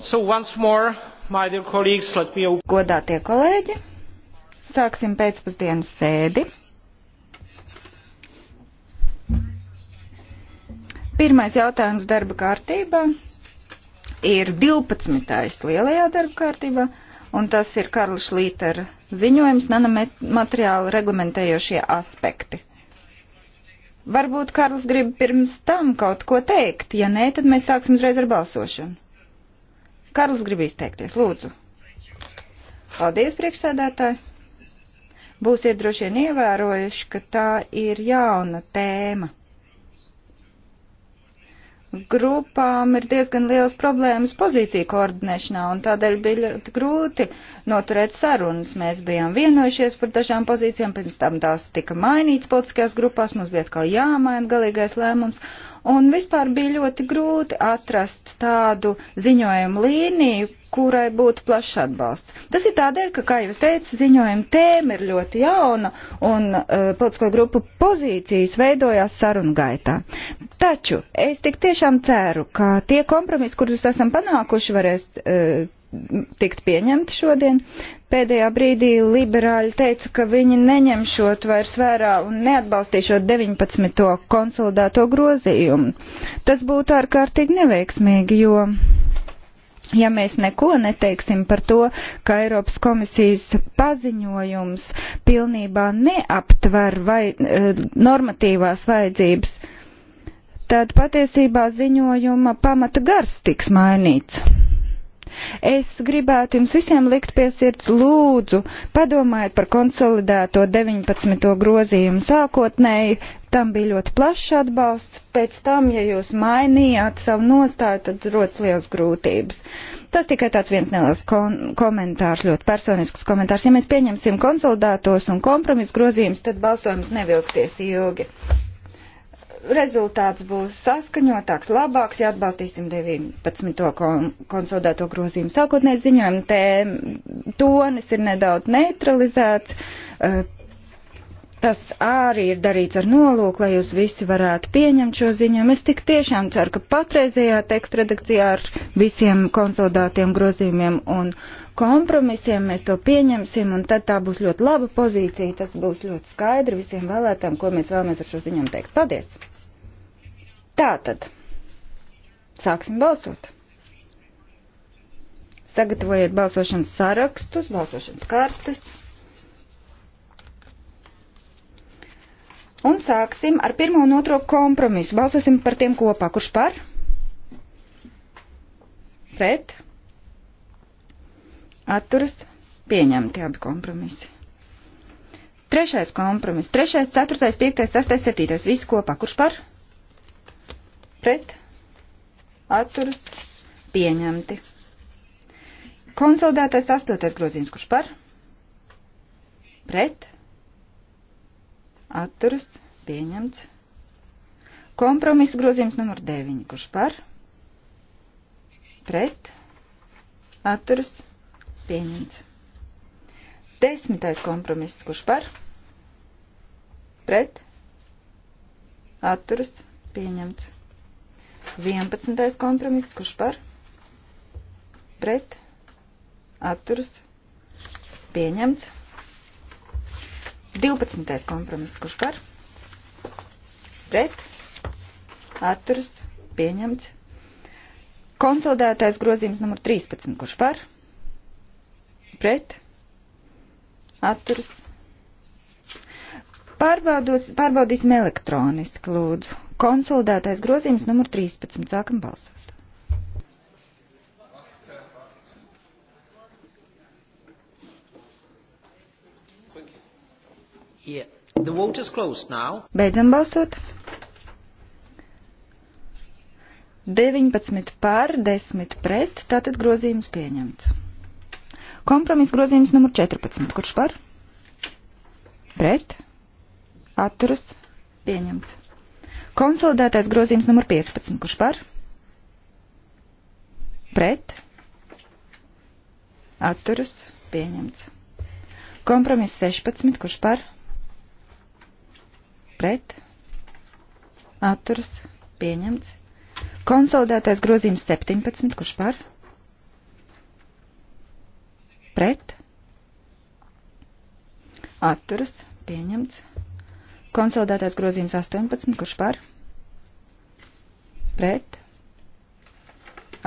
So once more, my dear colleagues, let me... Godātie kolēģi, sāksim pēcpusdienas sēdi. Pirmais jautājums darba kārtībā ir 12. lielajā darba kārtībā, un tas ir Karla Šlītera ziņojums nanomateriāla reglamentējošie aspekti. Varbūt Karls grib pirms tam kaut ko teikt, ja nē, tad mēs sāksim uzreiz ar balsošanu. Karls grib izteikties, lūdzu. Paldies, priekšsēdētāji. Būsiet droši vien ievērojuši, ka tā ir jauna tēma. Grupām ir diezgan liels problēmas pozīciju koordinēšanā, un tādēļ bija ļoti grūti noturēt sarunas. Mēs bijām vienojušies par dažām pozīcijām, pēc tam tās tika mainītas politiskajās grupās, mums bija atkal jāmaina galīgais lēmums, Un vispār bija ļoti grūti atrast tādu ziņojumu līniju, kurai būtu plašs atbalsts. Tas ir tādēļ, ka, kā jau es teicu, ziņojuma tēma ir ļoti jauna un uh, politisko grupu pozīcijas veidojās sarunu gaitā. Taču es tik tiešām ceru, ka tie kompromisi, kurus esam panākuši, varēs uh, tikt pieņemti šodien. Pēdējā brīdī liberāļi teica, ka viņi neņemšot vairs vērā un neatbalstīšot 19. konsolidēto grozījumu. Tas būtu ārkārtīgi neveiksmīgi, jo. Ja mēs neko neteiksim par to, ka Eiropas komisijas paziņojums pilnībā neaptver vai, e, normatīvās vajadzības, tad patiesībā ziņojuma pamata gars tiks mainīts. Es gribētu jums visiem likt pie sirds lūdzu, padomājiet par konsolidēto 19. grozījumu sākotnēji, tam bija ļoti plašs atbalsts, pēc tam, ja jūs mainījāt savu nostāju, tad rodas liels grūtības. Tas tikai tāds viens neliels kon komentārs, ļoti personisks komentārs. Ja mēs pieņemsim konsolidētos un kompromisu grozījumus, tad balsojums nevilksies ilgi rezultāts būs saskaņotāks, labāks, ja atbalstīsim 19. Kon konsolidēto grozījumu. Sākotnēji ziņojumi tē tonis ir nedaudz neutralizēts. Eh, tas arī ir darīts ar nolūku, lai jūs visi varētu pieņemt šo ziņojumu. Es tik tiešām ceru, ka patreizējā teksta redakcijā ar visiem konsolidētiem grozījumiem un kompromisiem mēs to pieņemsim, un tad tā būs ļoti laba pozīcija. Tas būs ļoti skaidri visiem vēlētām, ko mēs vēlamies ar šo ziņām teikt. Paldies! Tātad, sāksim balsot. Sagatavojiet balsošanas sarakstus, balsošanas kartes. Un sāksim ar pirmo un otro kompromisu. Balsosim par tiem kopā. Kurš par? Pret? Atturas? Pieņemti abi kompromisi. Trešais kompromiss. Trešais, ceturtais, piektais, sastais, septītais. Visi kopā. Kurš par? Pret? pret atturas pieņemti. Konsolidētais astotais grozījums, kurš par pret atturas pieņemts. Kompromisa grozījums numur 9, kurš par pret atturas pieņemts. Desmitais kompromiss, kurš par pret atturas pieņemts. 11. kompromiss, kurš par pret atturas pieņemts. 12. kompromiss, kurš par pret atturas pieņemts. Konsolidētais grozījums numur 13, kurš par pret atturas. Pārbaudos, pārbaudīsim elektroniski, lūdzu konsolidētais grozījums numur 13. Sākam balsot. Yeah. The vote is closed now. Beidzam balsot. 19 pār, 10 pret, tātad grozījums pieņemts. Kompromiss grozījums numur 14. Kurš par? Pret? Atturas? Pieņemts. Konsolidētais grozījums numur 15. Kurš par? Pret? Atturas? Pieņemts. Kompromiss 16. Kurš par? Pret? Atturas? Pieņemts. Konsolidētais grozījums 17. Kurš par? Pret? Atturas? Pieņemts. Konsolidētais grozījums 18, kurš par? Pret.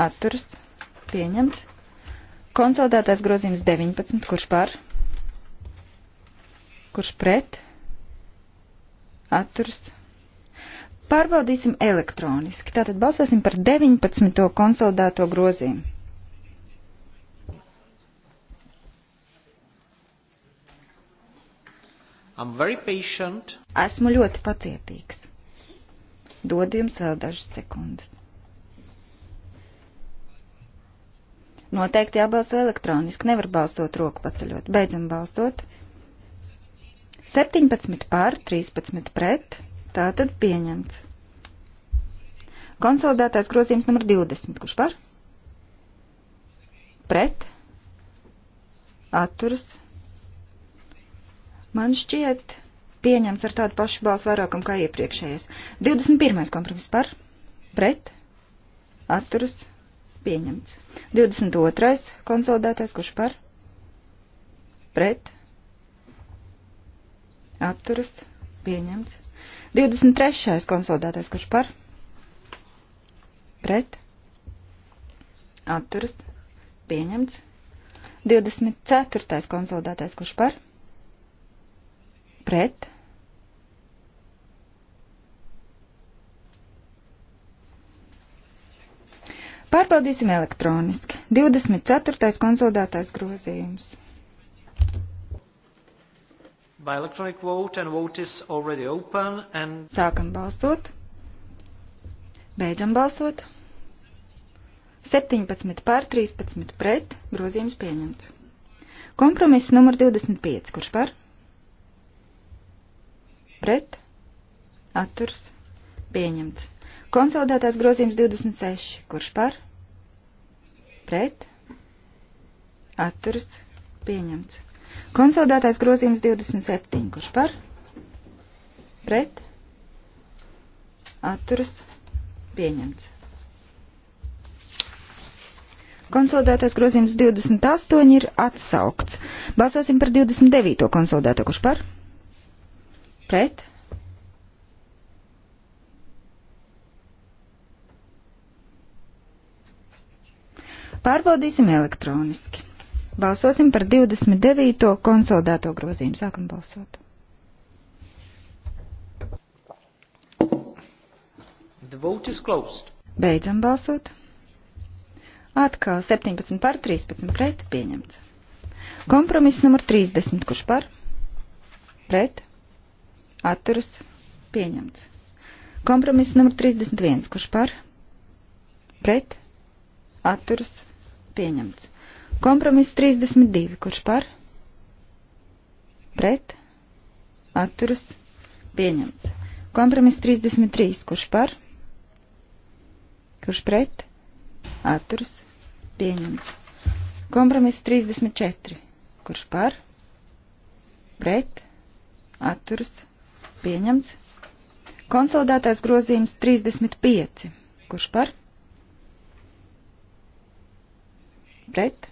Atturs. Pieņemts. Konsolidētais grozījums 19, kurš par? Kurš pret? Atturs. Pārbaudīsim elektroniski. Tātad balsosim par 19. konsolidēto grozījumu. Esmu ļoti pacietīgs. Dodu jums vēl dažas sekundes. Noteikti jābalso elektroniski, nevar balsot roku paceļot. Beidzam balsot. 17 pār, 13 pret, tā tad pieņemts. Konsolidētais grozījums numur 20, kurš par? Pret, atturas, man šķiet pieņemts ar tādu pašu balsu vairākumu kā iepriekšējais. 21. kompromiss par, pret, atturas, pieņemts. 22. konsolidētais, kurš par, pret, atturas, pieņemts. 23. konsolidētais, kurš par, pret, atturas, pieņemts. 24. konsolidētais, kurš par, pret, pret, Pārbaudīsim elektroniski. 24. konsolidētais grozījums. Vote vote and... Sākam balsot. Beidzam balsot. 17 pār 13 pret grozījums pieņemts. Kompromiss numur 25. Kurš par? pret, atturs, pieņemts. Konsolidētās grozījums 26, kurš par, pret, atturs, pieņemts. Konsolidētās grozījums 27, kurš par, pret, atturs, pieņemts. Konsolidētais grozījums 28 ir atsaukts. Balsosim par 29. konsolidēto, kurš par? pret, Pārbaudīsim elektroniski. Balsosim par 29. konsolidēto grozījumu. Sākam balsot. Beidzam balsot. Atkal 17 par 13 pret pieņemts. Kompromiss numur 30. Kurš par? Pret? atturas pieņemts. Kompromiss numur 31, kurš par, pret, atturas pieņemts. Kompromiss 32, kurš par, pret, atturas pieņemts. Kompromiss 33, kurš par, kurš pret, atturas pieņemts. Kompromiss 34, kurš par, pret, atturas pieņemts atturas Pieņemts. Konsolidētais grozījums 35. Kurš par? Pret.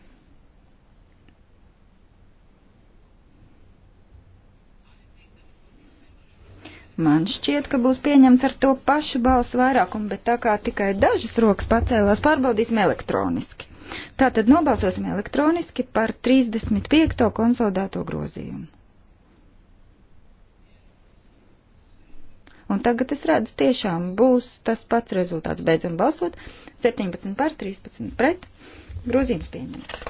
Man šķiet, ka būs pieņemts ar to pašu balsu vairākumu, bet tā kā tikai dažas rokas pacēlās, pārbaudīsim elektroniski. Tātad nobalsosim elektroniski par 35. konsolidēto grozījumu. Un tagad es redzu, tiešām būs tas pats rezultāts. Beidzam balsot. 17 par 13 pret. Grozījums pieņemts.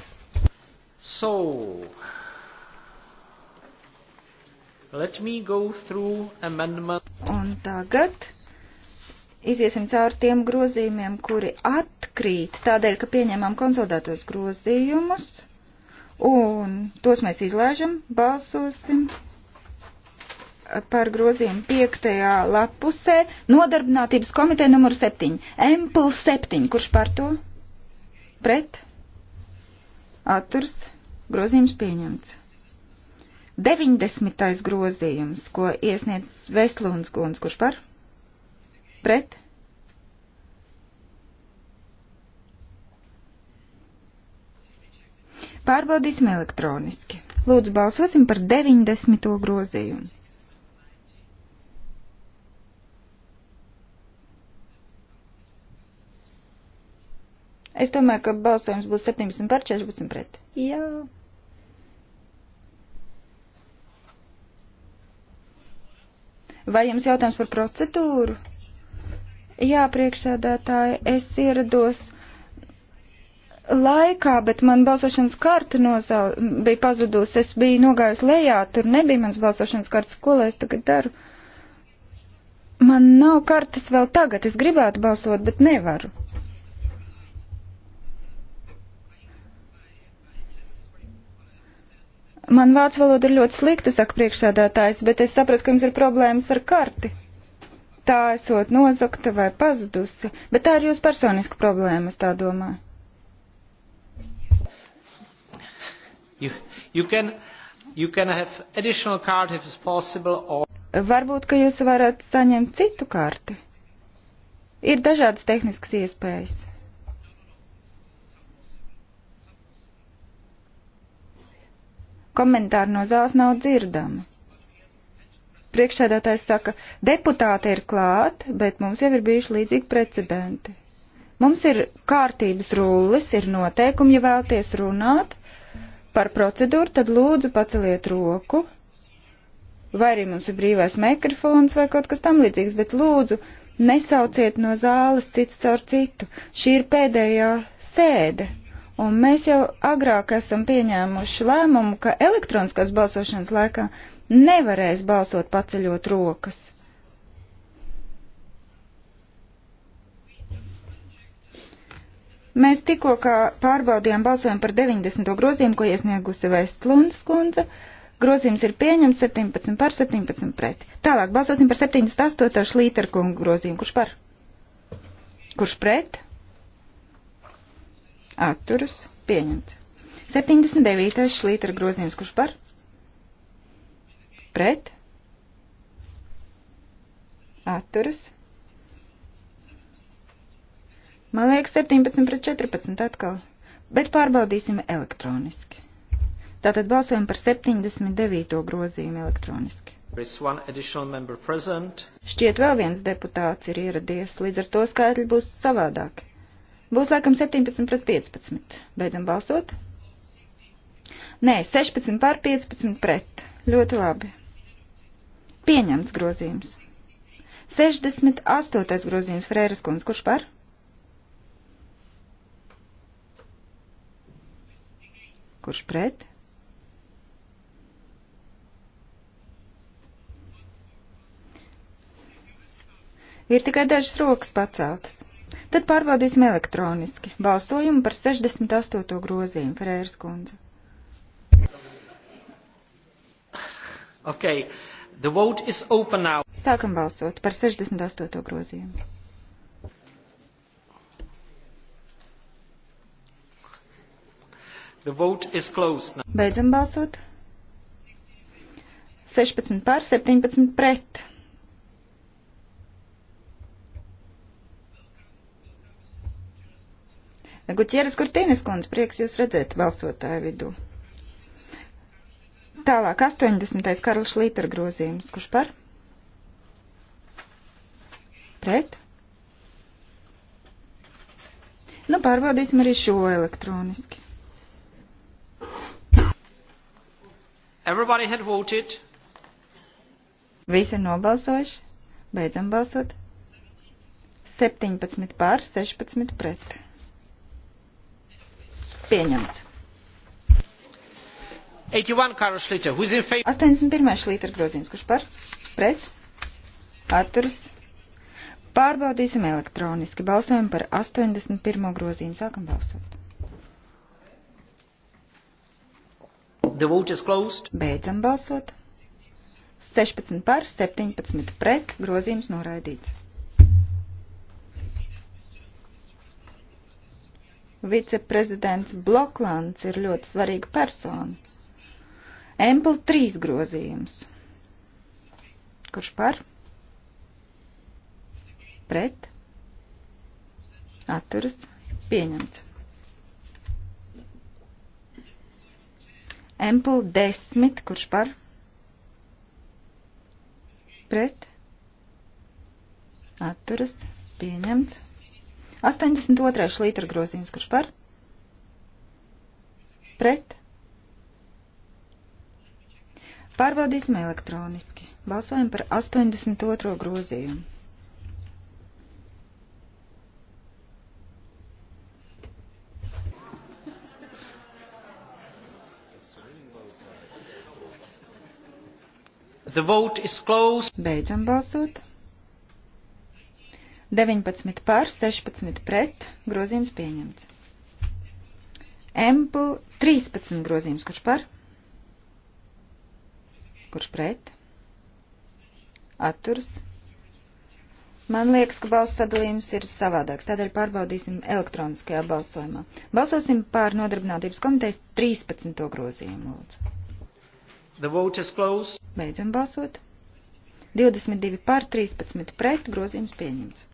So, let me go through amendment. Un tagad iziesim cauri tiem grozījumiem, kuri atkrīt, tādēļ, ka pieņemam konsolidētos grozījumus, un tos mēs izlaižam, balsosim par grozījumu 5. lapusē, nodarbinātības komiteja numur 7, Empl 7, kurš par to? Pret? Atturs, grozījums pieņemts. 90. grozījums, ko iesniedz Veslunds Guns, kurš par? Pret? Pārbaudīsim elektroniski. Lūdzu, balsosim par 90. grozījumu. Es domāju, ka balsojums būs 17 par 14 pret. Jā. Vai jums jautājums par procedūru? Jā, priekšsēdētāji, es ierados laikā, bet man balsošanas karta nozau, bija pazudusi. Es biju nogājus lejā, tur nebija mans balsošanas kartas. Ko lai es tagad daru? Man nav kartas vēl tagad. Es gribētu balsot, bet nevaru. Man vācu valoda ir ļoti slikta, saka priekšsēdētājs, bet es sapratu, ka jums ir problēmas ar karti. Tā esot nozakta vai pazudusi, bet tā ir jūsu personiska problēma, es tā domāju. You, you can, you can card, possible, or... Varbūt, ka jūs varat saņemt citu karti. Ir dažādas tehniskas iespējas. Komentāri no zāles nav dzirdami. Priekšsēdētājs saka, deputāti ir klāt, bet mums jau ir bijuši līdzīgi precedenti. Mums ir kārtības rullis, ir noteikumi, ja vēlties runāt par procedūru, tad lūdzu paceliet roku. Vai arī mums ir brīvais mikrofons vai kaut kas tam līdzīgs, bet lūdzu nesauciet no zāles cits caur citu. Šī ir pēdējā sēde. Un mēs jau agrāk esam pieņēmuši lēmumu, ka elektroniskās balsošanas laikā nevarēs balsot paceļot rokas. Mēs tikko pārbaudījām balsojumu par 90. grozījumu, ko iesniegusi Vestlunds kundze. Grozījums ir pieņemts 17 par 17 pret. Tālāk balsosim par 78. šlīterkungu grozījumu. Kurš par? Kurš pret? atturas pieņemts. 79. šlītra grozījums, kurš par? Pret? Atturas. Man liekas 17 pret 14 atkal, bet pārbaudīsim elektroniski. Tātad balsojam par 79. grozījumu elektroniski. Šķiet vēl viens deputāts ir ieradies, līdz ar to skaitļi būs savādāki. Būs laikam 17 pret 15. Beidzam balsot. Nē, 16 pār 15 pret. Ļoti labi. Pieņemts grozījums. 68. grozījums Frēras kundz, kurš par? Kurš pret? Ir tikai dažas rokas paceltas. Tad pārbaudīsim elektroniski balsojumu par 68. grozījumu Ferēras kundze. Okay. The vote is open now. Sākam balsot par 68. grozījumu. The vote is closed now. Beidzam balsot. 16 pār 17 pret. Guķieres Kurtīnes kundze, prieks jūs redzēt balsotāju vidū. Tālāk 80. Karls Līter grozījums. Kurš par? Pret? Nu, pārbaudīsim arī šo elektroniski. Everybody had voted. Visi ir nobalsojuši. Beidzam balsot. 17 pār, 16 pret. Pieņemts. 81 Karls Šlīter. 81 Šlīter grozījums. Kurš par? Pret? Atturas? Pārbaudīsim elektroniski. Balsojam par 81 grozījumu. Sākam balsot. The vote is closed. Beidzam balsot. 16 par, 17 pret. Grozījums noraidīts. viceprezidents Bloklands ir ļoti svarīga persona. Empel 3 grozījums. Kurš par? Pret? Atturas? Pieņemts. Empel 10, kurš par? Pret? Atturas? Pieņemts. 82. lītra grozījums, kurš par? Pret? Pārbaudīsim elektroniski. Balsojam par 82. grozījumu. The vote is closed. Beidzam balsot. 19 pār 16 pret grozījums pieņemts. Empl 13 grozījums, kurš par? Kurš pret? Atturs. Man liekas, ka balss sadalījums ir savādāks, tādēļ pārbaudīsim elektroniskajā balsojumā. Balsosim pār nodarbinātības komitejas 13. grozījumu, lūdzu. The vote is closed. Beidzam balsot. 22 pār 13 pret grozījums pieņemts.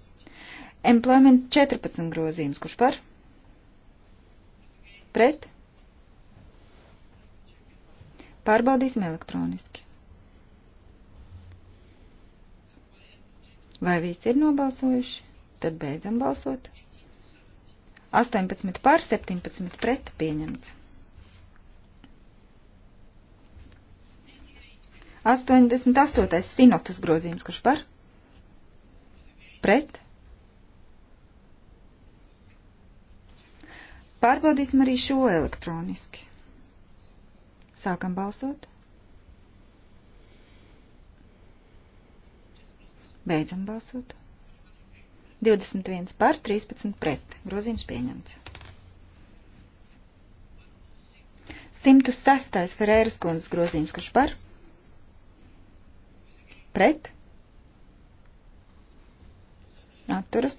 Employment 14 grozījums, kurš par? Pret? Pārbaudīsim elektroniski. Vai visi ir nobalsojuši? Tad beidzam balsot. 18 pār 17 pret pieņemts. 88. sinotas grozījums, kurš par? Pret? Pārbaudīsim arī šo elektroniski. Sākam balsot. Beidzam balsot. 21 par, 13 pret. Grozījums pieņemts. 106. Ferēras kundzes grozījums, kurš par? Pret? Atturas?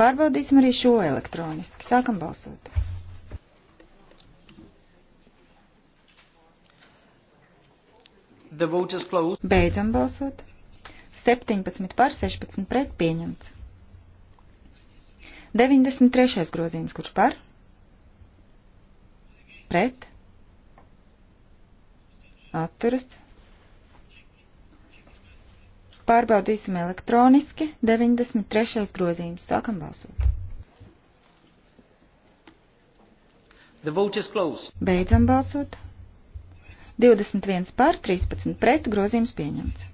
Pārbaudīsim arī šo elektroniski. Sākam balsot. Beidzam balsot. 17 pār 16 pret pieņemts. 93. grozījums, kurš par? Pret? Atturas? Pārbaudīsim elektroniski 93. grozījums. Sākam balsot. The vote is closed. Beidzam balsot. 21 par, 13 pret, grozījums pieņemts.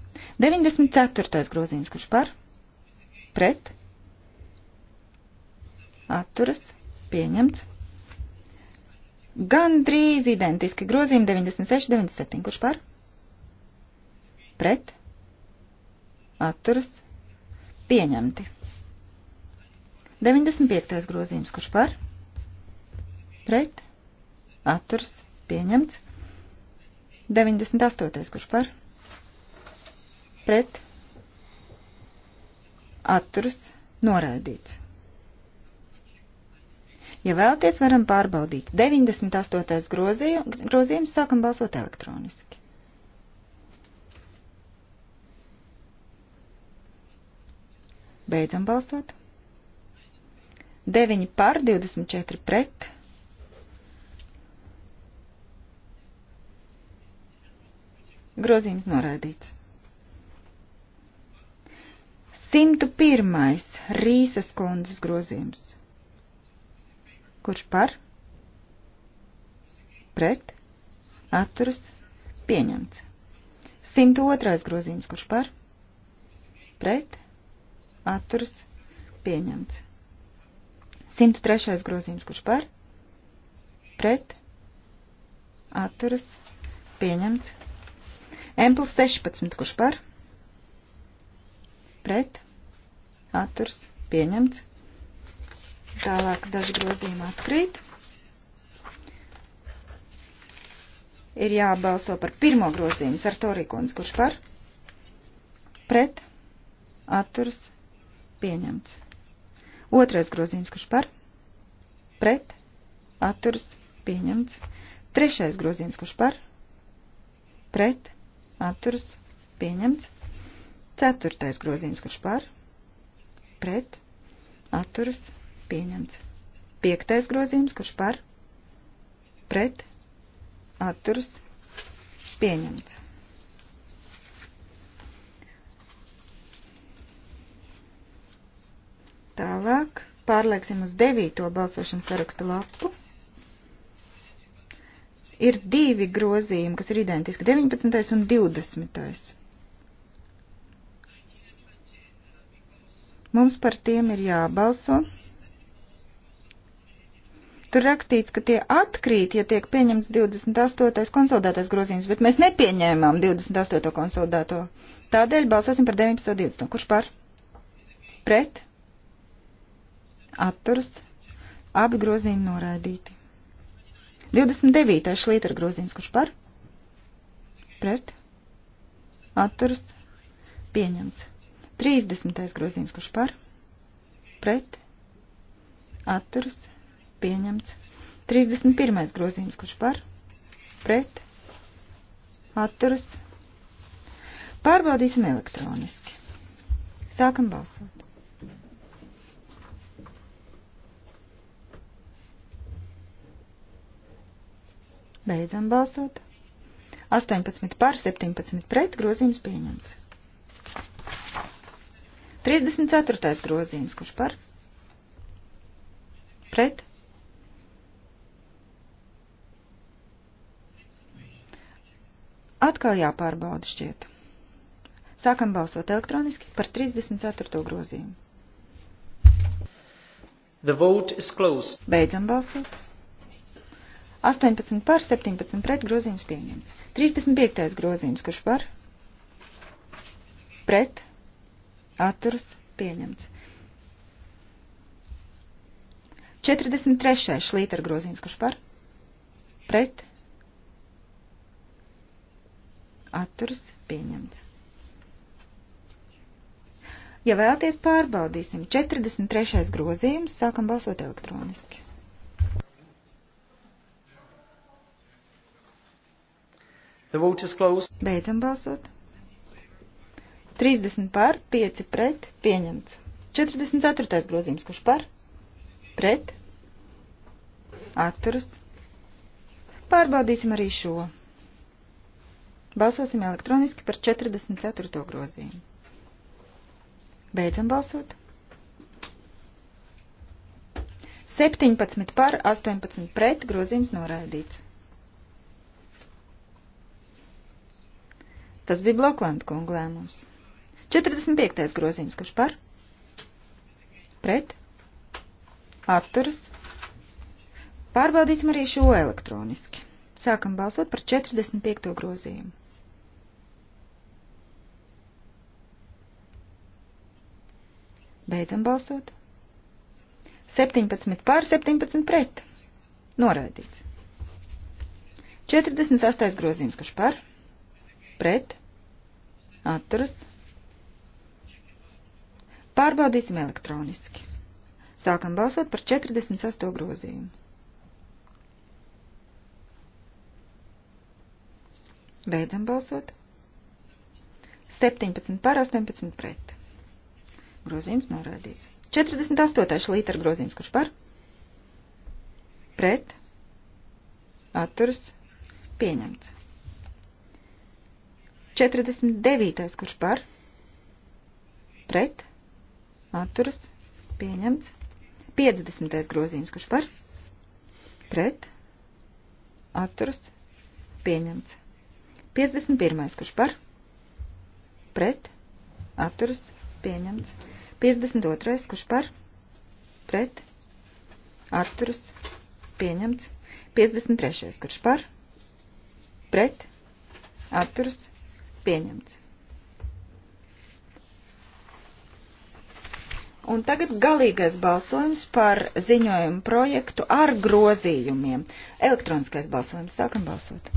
94. grozījums, kurš par? Pret. Atturas. Pieņemts. Gan drīz identiski grozījumi 96, 97. Kurš par? Pret atturas pieņemti. 95. grozījums, kurš par, pret, atturas pieņemts. 98. kurš par, pret, atturas noraidīts. Ja vēlaties, varam pārbaudīt. 98. grozījums sākam balsot elektroniski. Beidzam balsot. 9 par, 24 pret. Grozījums noraidīts. 101. Rīsas kundzes grozījums. Kurš par? Pret? Atturas? Pieņemts. 102. grozījums. Kurš par? Pret? atturs pieņemts. 103. grozījums, kurš par, pret, atturas, pieņemts. M plus 16, kurš par, pret, atturas, pieņemts. Tālāk daži grozījumi atkrīt. ir jābalso par pirmo grozījumu Sartorikons, kurš par, pret, atturas, Pieņemts. Otrais grozījums, kurš par? Pret. Atturs. Pieņemts. Trešais grozījums, kurš par? Pret. Atturs. Pieņemts. Ceturtais grozījums, kurš par? Pret. Atturs. Pieņemts. Piektais grozījums, kurš par? Pret. Atturs. Pieņemts. Tālāk pārlieksim uz devīto balsošanas saraksta lapu. Ir divi grozījumi, kas ir identiski - 19. un 20. Mums par tiem ir jābalso. Tur rakstīts, ka tie atkrīt, ja tiek pieņemts 28. konsolidētais grozījums, bet mēs nepieņēmām 28. konsolidēto. Tādēļ balsosim par 19. un 20. Kurš par? Pret? atturas, abi grozījumi noraidīti. 29. šlītra grozījums, kurš par, pret, atturas, pieņemts. 30. grozījums, kurš par, pret, atturas, pieņemts. 31. grozījums, kurš par, pret, atturas, pārbaudīsim elektroniski. Sākam balsot. Beidzam balsot. 18 pār 17 pret grozījums pieņemts. 34. grozījums, kurš par? Pret? Atkal jāpārbauda šķiet. Sākam balsot elektroniski par 34. grozījumu. The vote is closed. Beidzam balsot. 18 par, 17 pret grozījums pieņemts. 35. grozījums, kurš par, pret, atturas pieņemts. 43. šlīter grozījums, kurš par, pret, atturas pieņemts. Ja vēlaties pārbaudīsim 43. grozījums, sākam balsot elektroniski. The vote is closed. Beidzam balsot. 30 par, 5 pret, pieņemts. 44. grozījums, kurš par, pret, atturas. Pārbaudīsim arī šo. Balsosim elektroniski par 44. grozījumu. Beidzam balsot. 17 par, 18 pret, grozījums noraidīts. Tas bija Bloklanda kunga lēmums. 45. grozījums, kurš par? Pret? Atturas? Pārbaudīsim arī šo elektroniski. Sākam balsot par 45. grozījumu. Beidzam balsot. 17 pār 17 pret. Noraidīts. 48. grozījums, kurš par? pret, atturas. Pārbaudīsim elektroniski. Sākam balsot par 48. grozījumu. Beidzam balsot. 17 par 18 pret. Grozījums norādīts. 48. lītera grozījums, kurš par? Pret. Atturas. Pieņemts. 49. kurš par, pret, atturas, pieņemts. 50. grozījums, kurš par, pret, atturas, pieņemts. 51. kurš par, pret, atturas, pieņemts. 52. kurš par, pret, atturas, pieņemts. 53. kurš par, pret, atturas, pieņemts. Un tagad galīgais balsojums par ziņojumu projektu ar grozījumiem. Elektroniskais balsojums. Sākam balsot.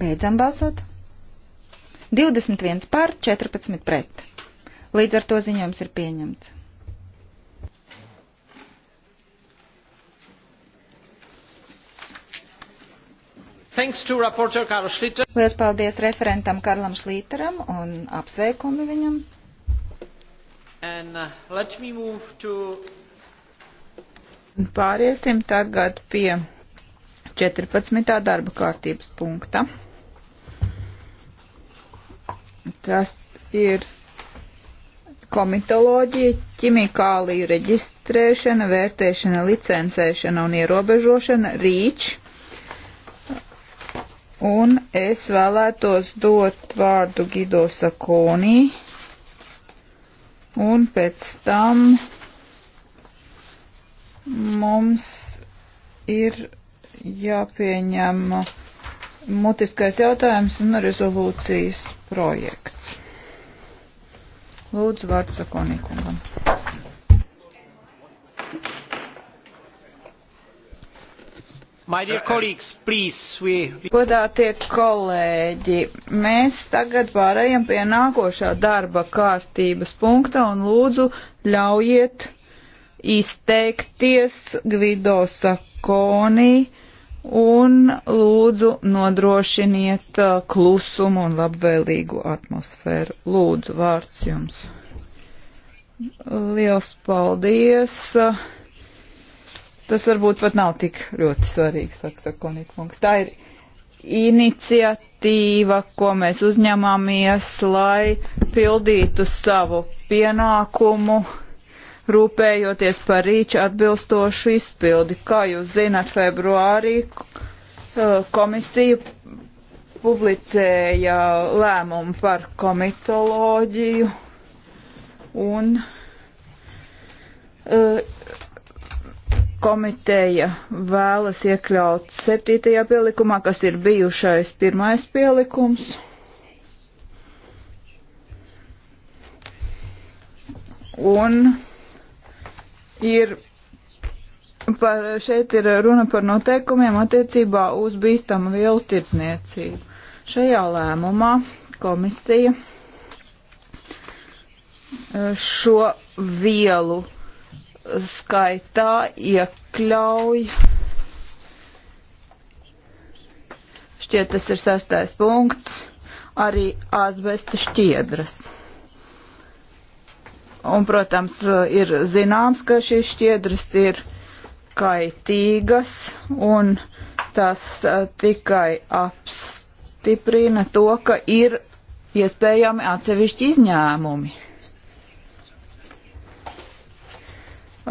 Beidzam balsot. 21 pār, 14 pret. Līdz ar to ziņojums ir pieņemts. Lielas paldies referentam Karlam Šlīteram un apsveikumi viņam. And, uh, to... Pāriesim tagad pie 14. darba kārtības punkta. Tas ir komitoloģija, ķimikālija reģistrēšana, vērtēšana, licencēšana un ierobežošana, rīč. Un es vēlētos dot vārdu Gido Sakonī, un pēc tam mums ir jāpieņem mutiskais jautājums un rezolūcijas projekts. Lūdzu, vārds sakonīkungam. Godātie kolēģi, mēs tagad pārējām pie nākošā darba kārtības punkta un lūdzu ļaujiet izteikties Gvido Sakonī un lūdzu nodrošiniet uh, klusumu un labvēlīgu atmosfēru. Lūdzu, vārds jums. Liels paldies. Tas varbūt pat nav tik ļoti svarīgs, saka Sakonīkungs. Tā ir iniciatīva, ko mēs uzņemamies, lai pildītu savu pienākumu rūpējoties par rīču atbilstošu izpildi. Kā jūs zināt, februārī eh, komisija publicēja lēmumu par komitoloģiju un eh, komiteja vēlas iekļaut septītajā pielikumā, kas ir bijušais pirmais pielikums. Un ir par, šeit ir runa par noteikumiem attiecībā uz bīstamu vielu tirdzniecību. Šajā lēmumā komisija e, šo vielu skaitā iekļauj. Šķiet, tas ir sastais punkts, arī azbesta šķiedras. Un, protams, ir zināms, ka šīs šķiedras ir kaitīgas un tas tikai apstiprina to, ka ir iespējami atsevišķi izņēmumi.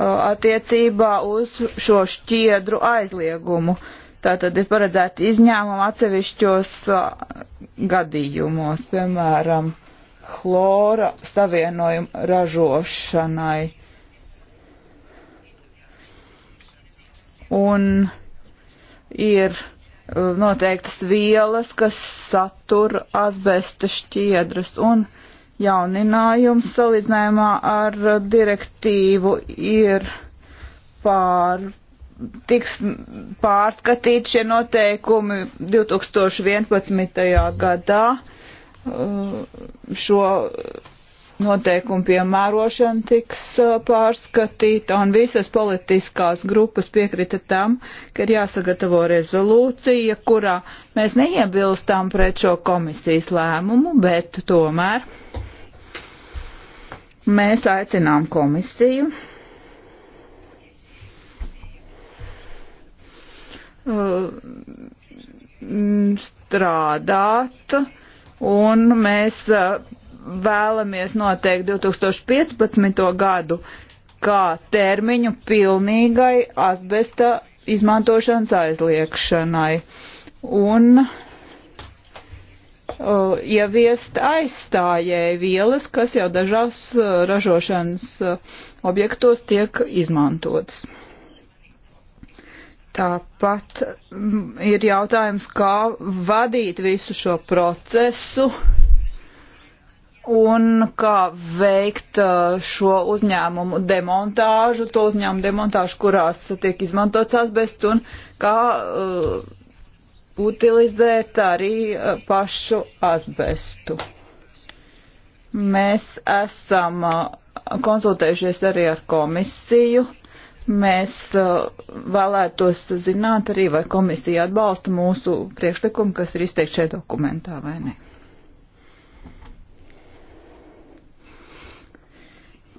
attiecībā uz šo šķiedru aizliegumu. Tātad ir paredzēti izņēmumi atsevišķos gadījumos, piemēram, uh, chlora savienojumu ražošanai. Un ir uh, noteiktas vielas, kas satur asbesta šķiedras un jauninājums salīdzinājumā ar direktīvu ir pār, tiks pārskatīt šie noteikumi 2011. gadā Uh, šo noteikumu piemērošana tiks uh, pārskatīta, un visas politiskās grupas piekrita tam, ka ir jāsagatavo rezolūcija, kurā mēs neiebilstām pret šo komisijas lēmumu, bet tomēr mēs aicinām komisiju uh, strādāt un mēs vēlamies noteikt 2015. gadu kā termiņu pilnīgai asbesta izmantošanas aizliekšanai un uh, ieviest aizstājēju vielas, kas jau dažās uh, ražošanas uh, objektos tiek izmantotas. Tāpat mm, ir jautājums, kā vadīt visu šo procesu un kā veikt uh, šo uzņēmumu demontāžu, to uzņēmumu demontāžu, kurās tiek izmantots asbests, un kā uh, utilizēt arī uh, pašu asbestu. Mēs esam uh, konsultējušies arī ar komisiju Mēs uh, vēlētos zināt arī, vai komisija atbalsta mūsu priekšlikumu, kas ir izteikts šeit dokumentā vai ne.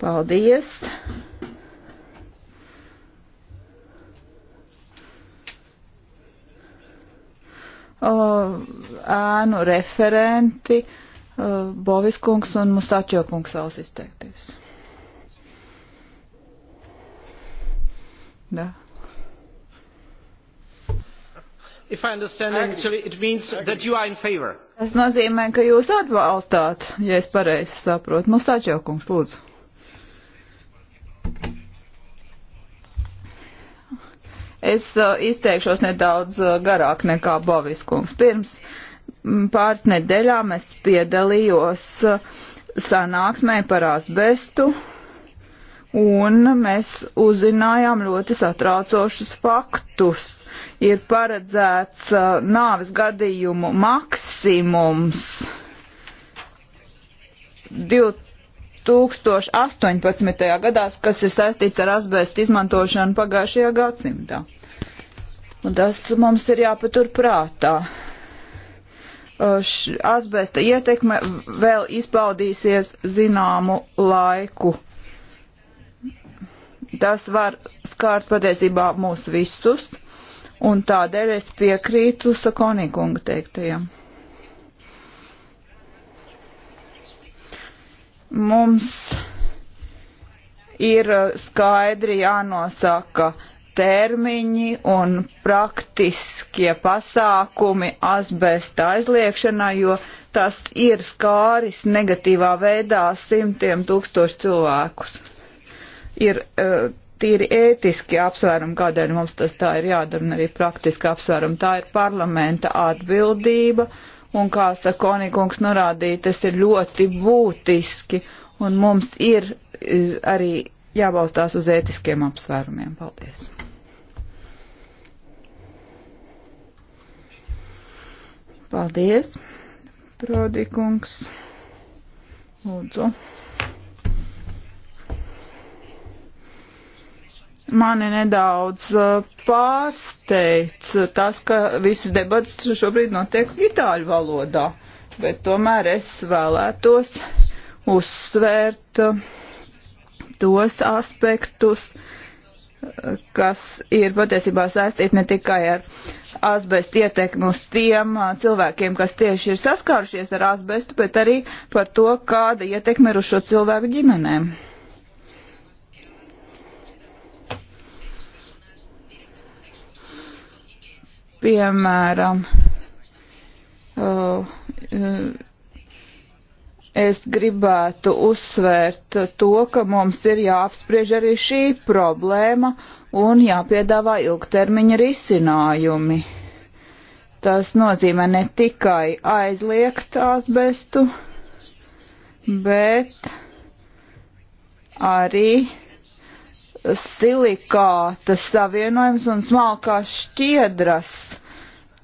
Paldies! ēnu referenti Bovis kungs un Musačo kungs savus izteikties. Da. Tas nozīmē, ka jūs atbalstāt, ja es pareizi saprotu. Mums taču jau, kungs, lūdzu. Es uh, izteikšos nedaudz uh, garāk nekā Bovis kungs. Pirms mm, pāris nedēļām es piedalījos uh, sanāksmē par asbestu un mēs uzzinājām ļoti satraucošus faktus. Ir paredzēts uh, nāves gadījumu maksimums 2018. gadās, kas ir saistīts ar asbestu izmantošanu pagājušajā gadsimtā. Un tas mums ir jāpatur prātā. Uh, asbesta ietekme vēl izpaudīsies zināmu laiku tas var skārt patiesībā mūs visus, un tādēļ es piekrītu Sakonīkunga teiktajam. Mums ir uh, skaidri jānosaka termiņi un praktiskie pasākumi asbesta aizliekšanā, jo tas ir skāris negatīvā veidā simtiem tūkstošu cilvēkus ir eh, tīri ētiski apsvērumi, kādēļ mums tas tā ir jādara, un arī praktiski apsvērumi. Tā ir parlamenta atbildība, un kā Sakonīkungs norādīja, tas ir ļoti būtiski, un mums ir eh, arī jābalstās uz ētiskiem apsvērumiem. Paldies! Paldies, Prodikungs. Lūdzu. Mani nedaudz eh, pārsteidz tas, ka visas debatas šobrīd notiek itāļu valodā, bet tomēr es vēlētos uzsvērt eh, tos aspektus, eh, kas ir patiesībā saistīti ne tikai ar asbestu ietekmi uz tiem cilvēkiem, kas tieši ir saskārušies ar asbestu, bet arī par to, kāda ietekme ir uz šo cilvēku ģimenēm. Piemēram, uh, es gribētu uzsvērt to, ka mums ir jāapspriež arī šī problēma un jāpiedāvā ilgtermiņa risinājumi. Tas nozīmē ne tikai aizliegt asbestu, bet arī uh, silikāta savienojums un smalkās šķiedras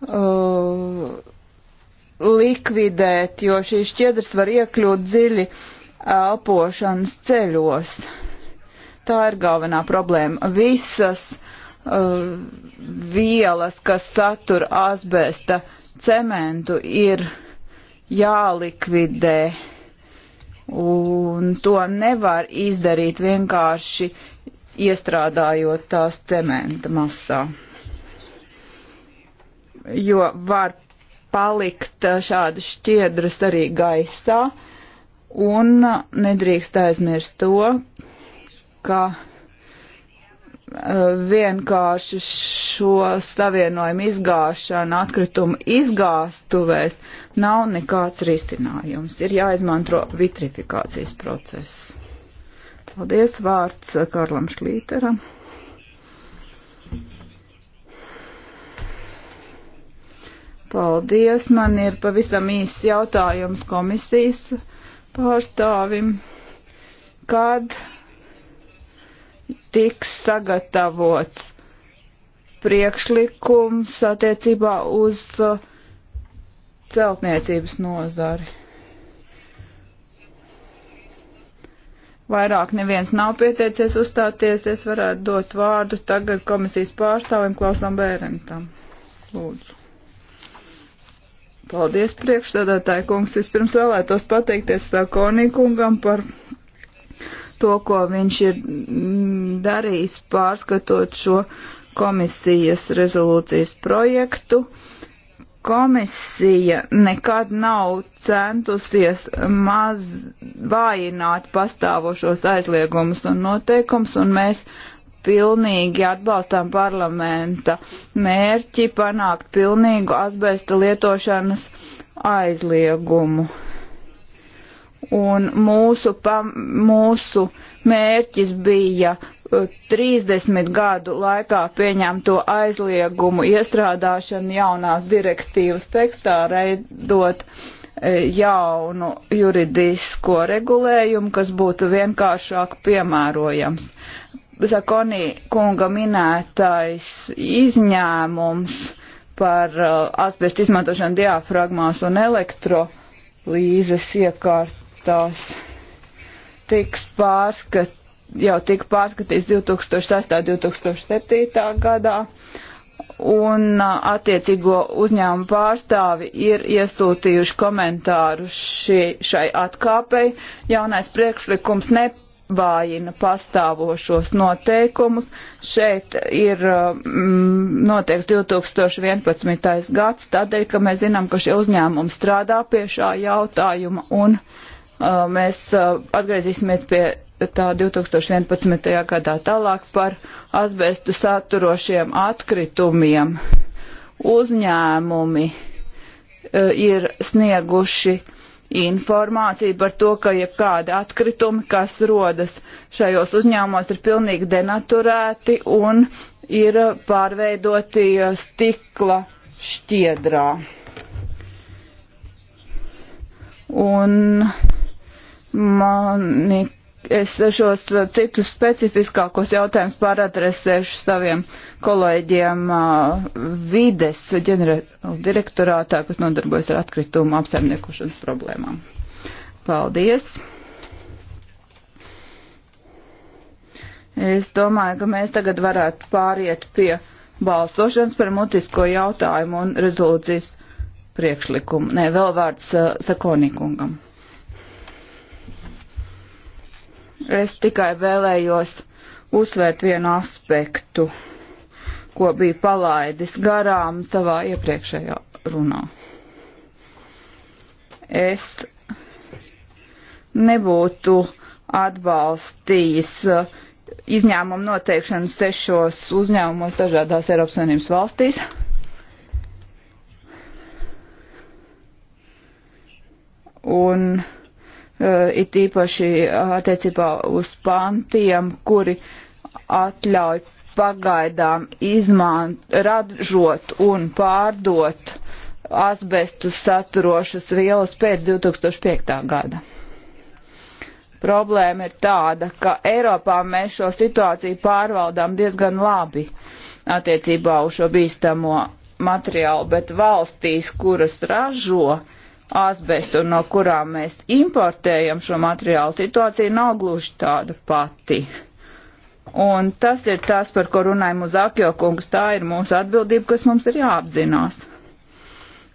uh, likvidēt, jo šīs šķiedras var iekļūt dziļi elpošanas ceļos. Tā ir galvenā problēma. Visas uh, vielas, kas satur asbesta cementu, ir jālikvidē. Un to nevar izdarīt vienkārši uh, iestrādājot tās cementa masā. Jo var palikt šādas šķiedras arī gaisā, un nedrīkst aizmirst to, ka eh, vienkārši šo savienojumu izgāšana atkritumu izgāstuvēs nav nekāds risinājums. Ir jāizmanto vitrifikācijas process. Paldies, vārds eh, Karlam Šlīteram. Paldies, man ir pavisam īsts jautājums komisijas pārstāvim. Kad tiks sagatavots priekšlikums attiecībā uz eh, celtniecības nozari? Vairāk neviens nav pieteicies uzstāties, es varētu dot vārdu tagad komisijas pārstāvim Klausam Bērentam. Lūdzu. Paldies priekšstādātāji kungs. Vispirms vēlētos pateikties Sakonī kungam par to, ko viņš ir darījis pārskatot šo komisijas rezolūcijas projektu. Uh, Komisija nekad nav centusies maz vājināt pastāvošos aizliegumus un noteikums, un mēs pilnīgi atbalstām parlamenta mērķi panākt pilnīgu asbesta lietošanas aizliegumu. Un mūsu, pa, mūsu mērķis bija 30 gadu laikā pieņemto aizliegumu iestrādāšanu jaunās direktīvas tekstā, raidot e, jaunu juridisko regulējumu, kas būtu vienkāršāk piemērojams. Zakonī kunga minētais izņēmums par uh, e, asbestu izmantošanu diafragmās un elektrolīzes iekārtās tiks pārskatīts jau tika pārskatīts 2006.-2007. gadā, un attiecīgo uzņēmumu pārstāvi ir iesūtījuši komentāru šī, šai atkāpei. Jaunais priekšlikums nevājina pastāvošos noteikumus. Šeit ir mm, noteikts 2011. gads, tādēļ, ka mēs zinām, ka šie uzņēmumi strādā pie šā jautājuma un mēs atgriezīsimies pie tā 2011. gadā tālāk par asbestu saturošiem atkritumiem. Uzņēmumi e, ir snieguši informāciju par to, ka jebkādi atkritumi, kas rodas šajos uzņēmumos, ir pilnīgi denaturēti un ir pārveidoti stikla šķiedrā. Un mani es šos citus specifiskākos jautājumus pāradresēšu saviem kolēģiem vides direktorātā, kas nodarbojas ar atkritumu apsaimniekošanas problēmām. Paldies! Es domāju, ka mēs tagad varētu pāriet pie balsošanas par mutisko jautājumu un rezolūcijas priekšlikumu. Nē, vēl vārds uh, Sakonikungam. Es tikai vēlējos uzsvērt vienu aspektu, ko bija palaidis garām savā iepriekšējā runā. Es nebūtu atbalstījis uh, izņēmumu noteikšanu sešos uzņēmumos dažādās Eiropas Savienības valstīs. Un Eh, it īpaši attiecībā uz pantiem, kuri atļauj pagaidām izmant, ražot un pārdot asbestu saturošas vielas pēc 2005. gada. Problēma ir tāda, ka Eiropā mēs šo situāciju pārvaldām diezgan labi attiecībā uz šo bīstamo materiālu, bet valstīs, kuras ražo, uh, asbestu, no kurām mēs importējam šo materiālu, situācija nav gluži tāda pati. Un tas ir tas, par ko runāja Muzakjo kungs, tā ir mūsu atbildība, kas mums ir jāapzinās.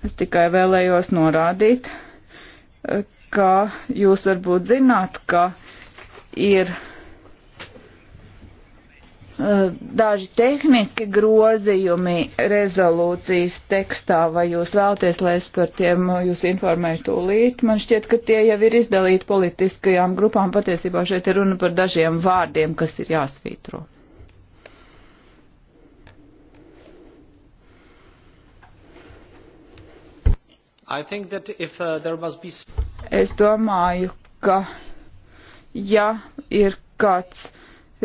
Es tikai vēlējos norādīt, ka jūs varbūt zināt, ka ir daži tehniski grozījumi rezolūcijas tekstā, vai jūs vēlaties, lai es par tiem jūs informēju tūlīt. Man šķiet, ka tie jau ir izdalīti politiskajām grupām. Patiesībā šeit ir runa par dažiem vārdiem, kas ir jāsvītro. If, uh, be... Es domāju, ka ja ir kāds uh,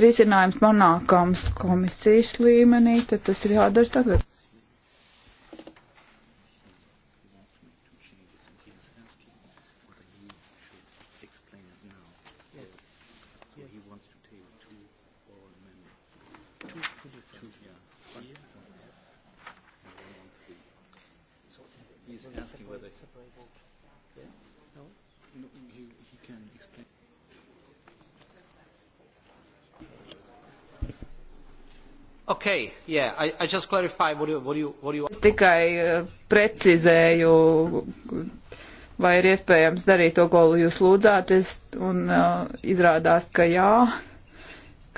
risinājums panākams komisijas līmenī, tad tas ir jādara tagad. Okay, yeah, I, I just clarify what you, what you, what you... Es tikai eh, precizēju, vai ir iespējams darīt to, ko jūs lūdzāt, es, un uh, izrādās, ka jā,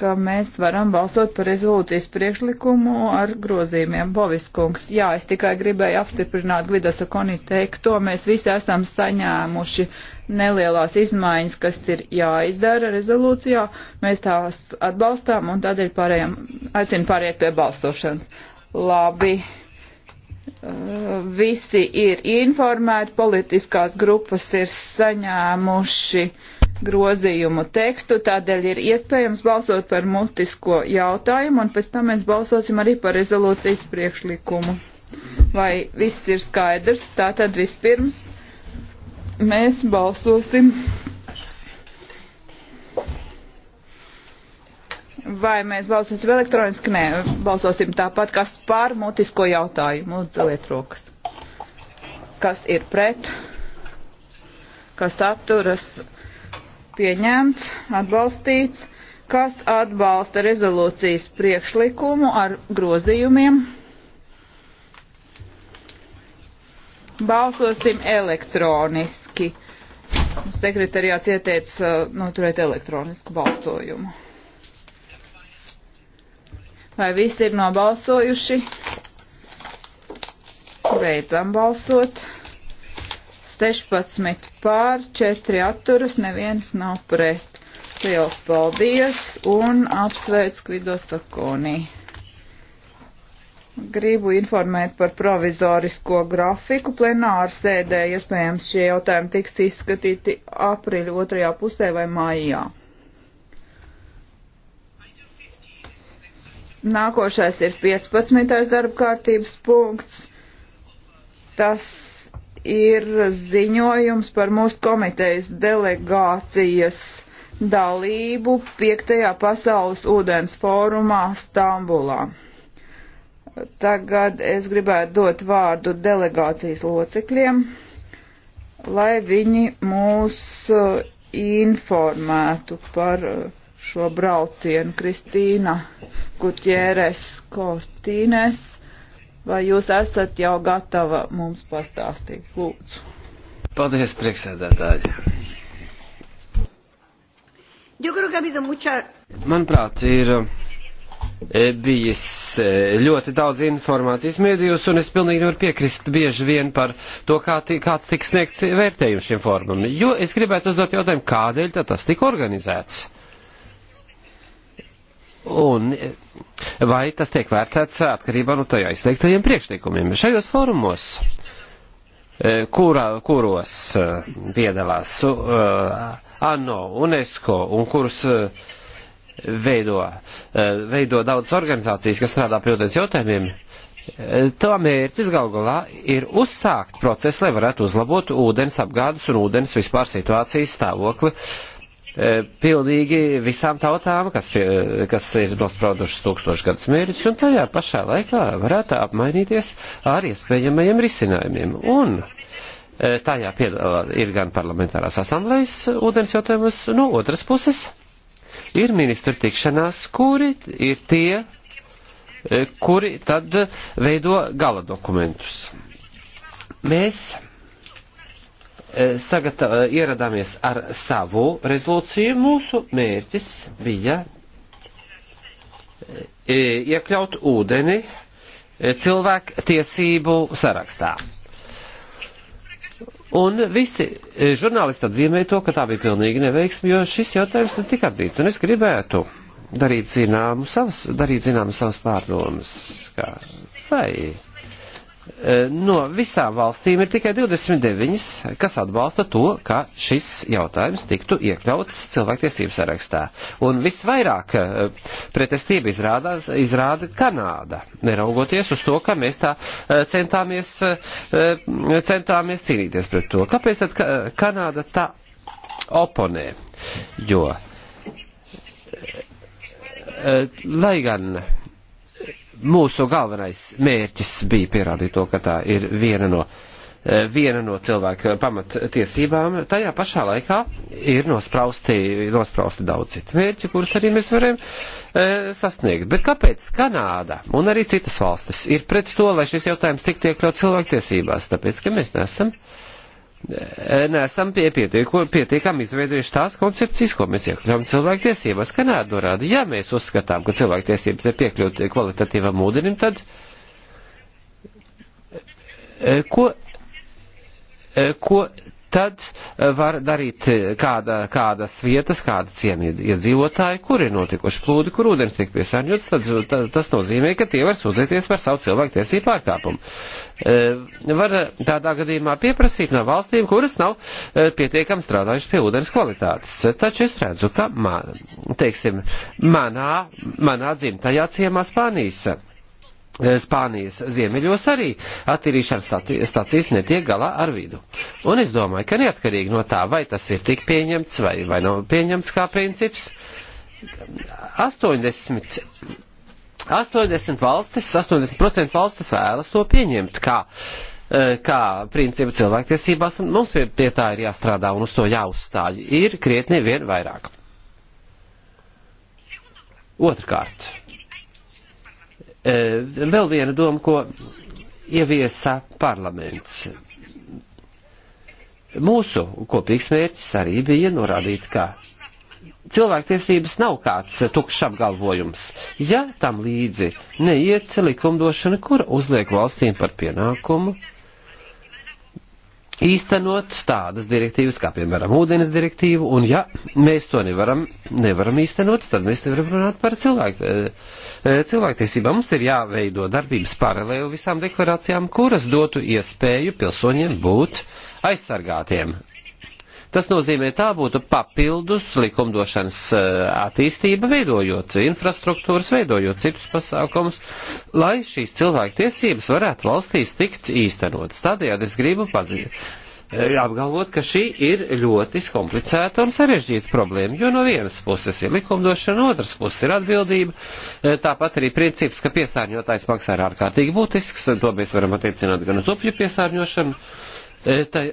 ka mēs varam balsot par rezolūcijas priekšlikumu ar grozījumiem. Boviskungs, jā, es tikai gribēju apstiprināt Gvidasa Koni teikto, mēs visi esam saņēmuši uh, nelielās izmaiņas, kas ir jāizdara rezolūcijā, mēs tās atbalstām un tādēļ pārējām, aicinu pāriet pie balsošanas. Labi. Uh, visi ir informēti, politiskās grupas ir saņēmuši grozījumu tekstu, tādēļ ir iespējams balsot par mutisko jautājumu, un pēc tam mēs balsosim arī par rezolūcijas priekšlikumu. Vai viss ir skaidrs? Tātad vispirms mēs balsosim. Vai mēs balsosim elektroniski? Nē, balsosim tāpat, kas par mutisko jautājumu. Lūdzu, liet rokas. Kas ir pret? Kas atturas? Pieņemts, atbalstīts. Kas atbalsta rezolūcijas priekšlikumu ar grozījumiem? Balsosim elektroniski sekretariāts ieteica uh, noturēt elektronisku balsojumu. Vai visi ir nobalsojuši? Beidzam balsot. 16 pār, 4 atturas, neviens nav pret. Liels paldies un apsveicu Kvido Sakonī. Gribu informēt par provizorisko grafiku. Plenāra sēdē iespējams šie jautājumi tiks izskatīti aprīļa otrajā pusē vai maijā. Nākošais ir 15. darba kārtības punkts. Tas ir ziņojums par mūsu komitejas delegācijas dalību 5. pasaules ūdens fórumā Stambulā. Tagad es gribētu dot vārdu delegācijas locekļiem, lai viņi mūs eh, informētu par eh, šo braucienu. Kristīna Gutjēres Kortīnes, vai jūs esat jau gatava mums pastāstīt? Lūdzu. Paldies, priekšsēdētāji. Manuprāt, ir Eh, bijis eh, ļoti daudz informācijas medijos, un es pilnīgi nevaru piekrist bieži vien par to, kā kāds tiks sniegts vērtējums šim formam. Jo es gribētu uzdot jautājumu, kādēļ tad tas tika organizēts? Un eh, vai tas tiek vērtēts atkarībā no tajā izteiktajiem priekšlikumiem? Šajos forumos kurā, kuros piedalās uh, ANO, UNESCO un kurus uh, veido, eh, veido daudz organizācijas, kas strādā pie ūdens jautājumiem, eh, to mērķis gal galā ir uzsākt procesu, lai varētu uzlabot ūdens apgādes un ūdens vispār situācijas stāvokli eh, pilnīgi visām tautām, kas, pie, kas ir nospraudušas tūkstošgadus mērķus, un tajā pašā laikā varētu apmainīties ar iespējamajiem risinājumiem. Un tajā piedalā ir gan parlamentārās asamblejas ūdens jautājumus, no otras puses ir ministru tikšanās, kuri ir tie, e, kuri tad veido gala dokumentus. Mēs e, sagata, ieradāmies ar savu rezolūciju. Mūsu mērķis bija e, iekļaut ūdeni cilvēku tiesību sarakstā. Un visi e, žurnālisti atzīmē to, ka tā bija pilnīgi neveiksmi, jo šis jautājums netika atzīts. Un es gribētu darīt zināmu savas, darīt zināmu savas pārdomas. Kā, vai Eh, no visām valstīm ir tikai 29, kas atbalsta to, ka šis jautājums tiktu iekļauts cilvēktiesību sarakstā. Un visvairāk eh, pretestība izrādās, izrāda Kanāda, neraugoties uz to, ka mēs tā eh, centāmies, centāmies cīnīties pret to. Kāpēc tad Kanāda tā oponē? Jo, lai gan mūsu galvenais mērķis bija pierādīt to, ka tā ir viena no, eh, viena no cilvēka pamattiesībām. Tajā pašā laikā ir nosprausti, nosprausti daudz citu mērķi, kurus arī mēs varam e, sasniegt. Bet kāpēc Kanāda un arī citas valstis ir pret to, lai šis jautājums tiktu iekļaut cilvēktiesībās? Tāpēc, ka mēs nesam. E, nesam pie, pietieko, pietiekami izveidojuši tās koncepcijas, ko mēs iekļaujam cilvēktiesībās. Kanāda norāda, ja mēs uzskatām, ka cilvēktiesības ir piekļūt kvalitatīvam ūdenim, tad eh, ko, eh, ko tad eh, var darīt eh, kāda, kādas vietas, kāda ciemi iedzīvotāji, kur ir notikuši plūdi, kur ūdens tiek piesārņots, tad, tad tas nozīmē, ka tie var sūdzēties par savu cilvēku tiesību pārkāpumu. Eh, var tādā gadījumā pieprasīt no valstīm, kuras nav pietiekami strādājušas pie ūdens kvalitātes. Taču es redzu, ka, man, teiksim, manā, manā dzimtajā ciemā Spānijas Eh, Spānijas ziemeļos arī attīrīšanas stācijas netiek galā ar vidu. Un es domāju, ka neatkarīgi no tā, vai tas ir tik pieņemts vai, vai nav pieņemts kā princips, 80, 80 valstis, 80% valstis vēlas to pieņemt kā, eh, kā principu cilvēktiesībās, un mums pie tā ir jāstrādā un uz to jāuzstāj. Ir krietni vien vairāk. Otrkārt. E, vēl viena doma, ko ieviesa parlaments. Mūsu kopīgs mērķis arī bija norādīt, ka cilvēktiesības nav kāds tukšs apgalvojums. Ja tam līdzi neiet likumdošana, kur uzliek valstīm par pienākumu īstenot tādas direktīvas, kā piemēram ūdens direktīvu, un ja mēs to nevaram, nevaram īstenot, tad mēs nevaram runāt par cilvēku, eh, eh, cilvēktiesībām. Mums ir jāveido darbības paralēli visām deklarācijām, kuras dotu iespēju pilsoņiem būt aizsargātiem Tas nozīmē, tā būtu papildus likumdošanas eh, attīstība, veidojot infrastruktūras, veidojot citus pasākumus, lai šīs cilvēku tiesības varētu valstīs tikt īstenotas. Tādējādi es gribu pazīt eh, apgalvot, ka šī ir ļoti komplicēta un sarežģīta problēma, jo no vienas puses ir likumdošana, no otras puses ir atbildība, eh, tāpat arī princips, ka piesārņotājs maksā ir ārkārtīgi būtisks, to mēs varam attiecināt gan uz upju piesārņošanu, tai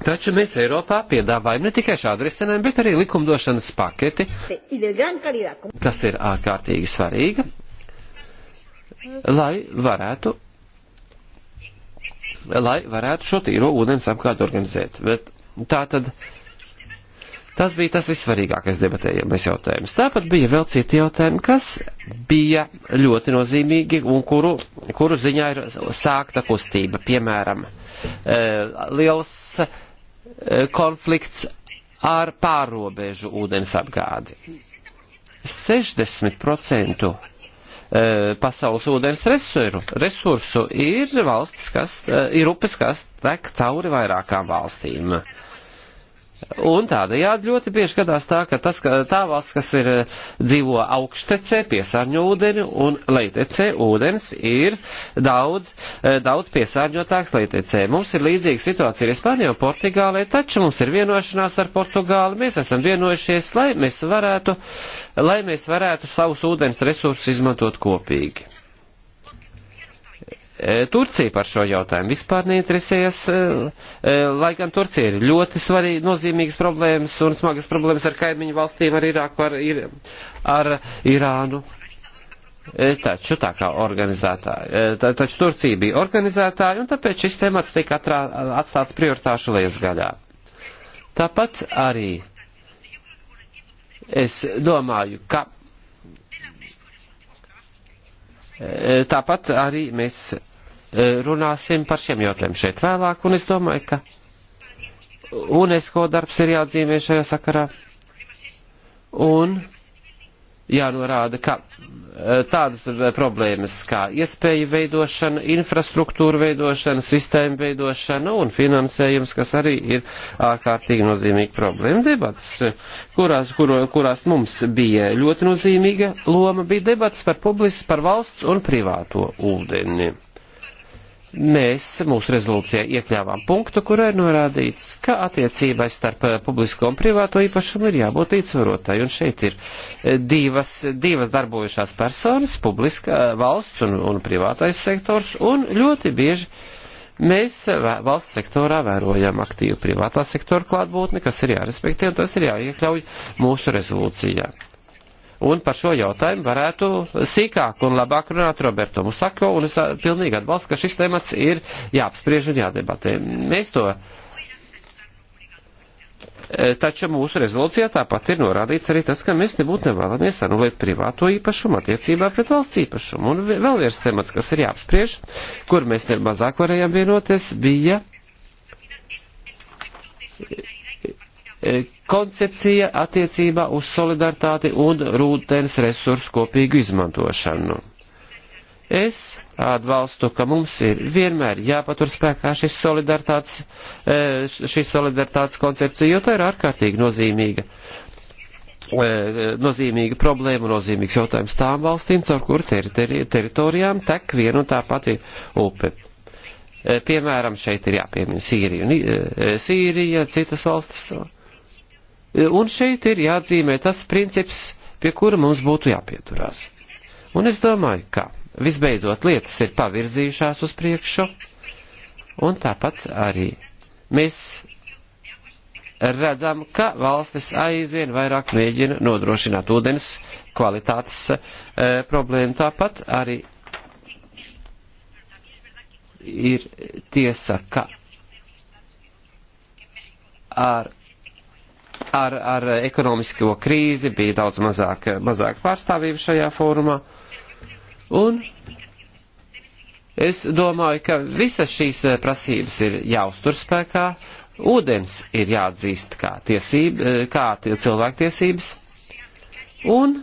Taču mēs Eiropā piedāvājam ne tikai šādu risinājumu, bet arī likumdošanas paketi, kas ir ārkārtīgi svarīga, lai varētu, lai varētu šo tīro ūdens apkārt organizēt. Bet tā tad. Tas bija tas vissvarīgākais debatējamais jautājums. Tāpat bija vēl citi jautājumi, kas bija ļoti nozīmīgi un kuru, kuru ziņā ir sākta kustība. Piemēram, eh, liels Eh, konflikts ar pārobežu ūdens apgādi. 60% eh, pasaules ūdens resursu, resursu ir valstis, kas, eh, ir upes, kas tek cauri vairākām valstīm. Uh, Un tādējādi ļoti bieži gadās tā, ka tas, ka tā valsts, kas ir eh, dzīvo augštecē, piesārņo ūdeni, un lejtecē ūdens ir daudz, eh, daudz piesārņotāks lejtecē. Mums ir līdzīga situācija ar Ispāniju un Portugālē, taču mums ir vienošanās ar Portugāli, mēs esam vienojušies, lai mēs varētu, lai mēs varētu savus ūdens resursus izmantot kopīgi. E, Turcija par šo jautājumu vispār neinteresējas, e, e, lai gan Turcija ir ļoti svarīgi, nozīmīgas problēmas un smagas problēmas ar kaimiņu valstīm, ar Irāku, ar, ir, ar Irānu. Taču tā kā organizētāji, taču Turcija bija organizētāji, un tāpēc šis temats tika atrā, atstāts prioritāšu liesgaļā. Tāpat arī es domāju, ka tāpat arī mēs Eh, runāsim par šiem jautājumiem šeit vēlāk, un es domāju, ka UNESCO darbs ir jāatzīmē šajā sakarā. Un jānorāda, ka eh, tādas eh, problēmas kā iespēju veidošana, infrastruktūra veidošana, sistēma veidošana un finansējums, kas arī ir ārkārtīgi nozīmīga problēma. Debats, kurās, kur, kurās mums bija ļoti nozīmīga loma, bija debats par publis, par valsts un privāto ūdeni. Uh, mēs mūsu rezolūcijā iekļāvām punktu, kurā ir norādīts, ka attiecībai starp eh, publisko un privāto īpašumu ir jābūt līdzsvarotai. Un šeit ir eh, divas, divas darbojušās personas - publiska eh, valsts un, un privātais sektors, un ļoti bieži mēs valsts sektorā vērojam aktīvu privātā sektora klātbūtni, kas ir jārespektē, un tas ir jāiekļauj mūsu rezolūcijā. Un par šo jautājumu varētu sīkāk un labāk runāt Roberto Musako, un es pilnīgi atbalstu, ka šis temats ir jāapspriež un jādebatē. Mēs to. Taču mūsu rezolūcijā tāpat ir norādīts arī tas, ka mēs nebūtu nevēlamies anulēt privāto īpašumu attiecībā pret valsts īpašumu. Un vēl viens temats, kas ir jāapspriež, kur mēs nemazāk varējām vienoties, bija E, koncepcija attiecībā uz solidaritāti un rūdens resursu kopīgu izmantošanu. Es atbalstu, ka mums ir vienmēr jāpatur spēkā šis solidaritātes, e, šī solidaritātes koncepcija, jo tā ir ārkārtīgi nozīmīga, e, nozīmīga problēma, nozīmīgs jautājums tām valstīm, caur kur ter ter teritorijām tek viena un tā pati upe. Piemēram, šeit ir jāpiemina Sīrija, Sīrija, citas valstis. Un šeit ir jāatzīmē tas princips, pie kura mums būtu jāpieturās. Un es domāju, ka visbeidzot lietas ir pavirzījušās uz priekšu, un tāpat arī mēs redzam, ka valstis aizvien vairāk mēģina nodrošināt ūdens kvalitātes e, problēmu. Tāpat arī ir tiesa, ka ar ar, ar ekonomisko krīzi, bija daudz mazāk, mazāk pārstāvību šajā fórumā. Un es domāju, ka visas šīs prasības ir jāuztur spēkā, ūdens ir jāatzīst kā, tiesība, kā cilvēktiesības, un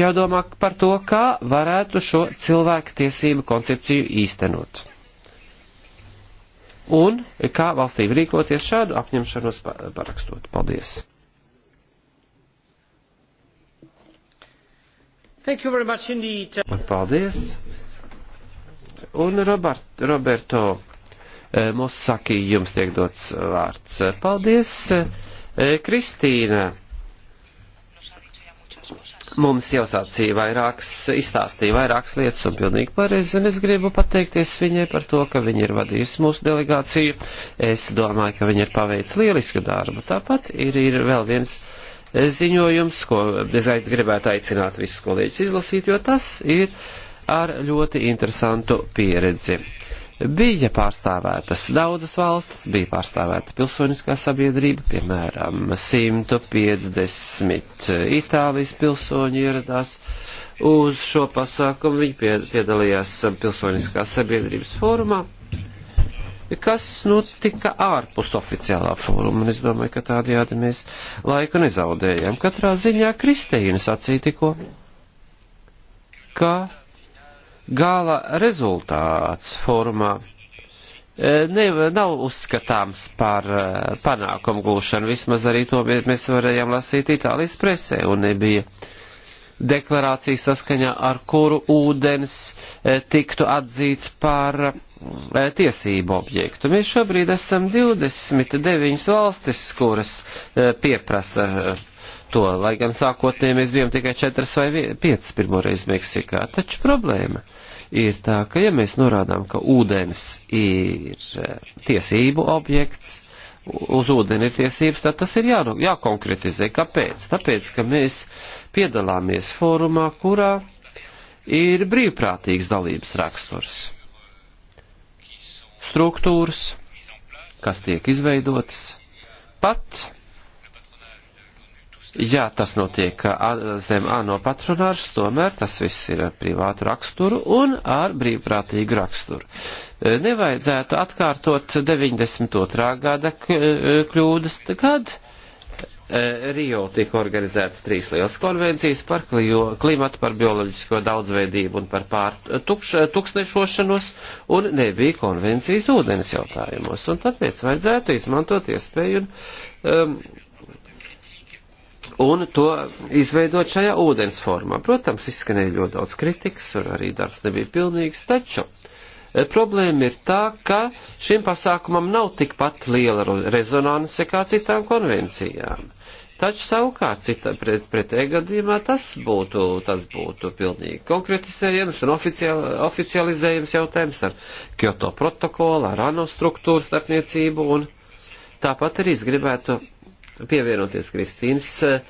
jādomā par to, kā varētu šo cilvēktiesību koncepciju īstenot un kā valstīm rīkoties šādu apņemšanos parakstot. Paldies! Thank you very much indeed. Paldies! Un Robert, Roberto eh, Mosaki, jums tiek dots vārds. Paldies, eh, Kristīna! mums jau sacīja vairākas, izstāstīja vairākas lietas un pilnīgi pareizi, un es gribu pateikties viņai par to, ka viņa ir vadījusi mūsu delegāciju. Es domāju, ka viņa ir paveicis lielisku darbu. Tāpat ir, ir vēl viens eh, ziņojums, ko es gribētu aicināt visus kolēģus izlasīt, jo tas ir ar ļoti interesantu pieredzi bija pārstāvētas. Daudzas valstis bija pārstāvēta pilsoniskā sabiedrība, piemēram, 150 Itālijas pilsoņi ieradās uz šo pasākumu. Viņi piedalījās pilsoniskās sabiedrības fórumā, kas notika nu, ārpus oficiālā fóruma, un es domāju, ka tādajādi mēs laiku nezaudējam. Katrā ziņā Kristīna sacīja tikko, ka gala rezultāts formā e, ne, nav uzskatāms par e, panākumu gūšanu. Vismaz arī to mēs varējām lasīt Itālijas presē un nebija deklarācija saskaņā, ar kuru ūdens e, tiktu atzīts par tiesību objektu. Mēs šobrīd esam 29 valstis, kuras pieprasa to, lai gan sākotnēji mēs bijām tikai 4 vai 5 pirmoreiz Meksikā. Taču problēma ir tā, ka ja mēs norādām, ka ūdens ir e, tiesību objekts, uz ūdeni ir tiesības, tad tas ir jā, jākonkretizē. Kāpēc? Tāpēc, ka mēs piedalāmies fórumā, kurā ir brīvprātīgs dalības raksturs. Struktūras, kas tiek izveidotas, pat Jā, tas notiek zem ANO patronāžas, tomēr tas viss ir ar privātu raksturu un ar brīvprātīgu raksturu. E, nevajadzētu atkārtot 92. gada e, kļūdas, kad e, Rio tika organizēts trīs lielas konvencijas par klimatu, par bioloģisko daudzveidību un par pārtukš, tuksnešošanos, un nebija konvencijas ūdens jautājumos. Un tāpēc vajadzētu izmantot iespēju un um, un to izveidot šajā ūdens formā. Protams, izskanēja ļoti daudz kritikas, un arī darbs nebija pilnīgs, taču e, problēma ir tā, ka šim pasākumam nav tikpat liela rezonanse kā citām konvencijām. Taču savukārt cita pret, pretējā e gadījumā tas būtu, tas būtu pilnīgi konkretizējams un oficiāli, oficializējams jautājums ar Kyoto protokolu, ar ANO struktūru starpniecību un tāpat arī es gribētu pievienoties Kristīnas eh,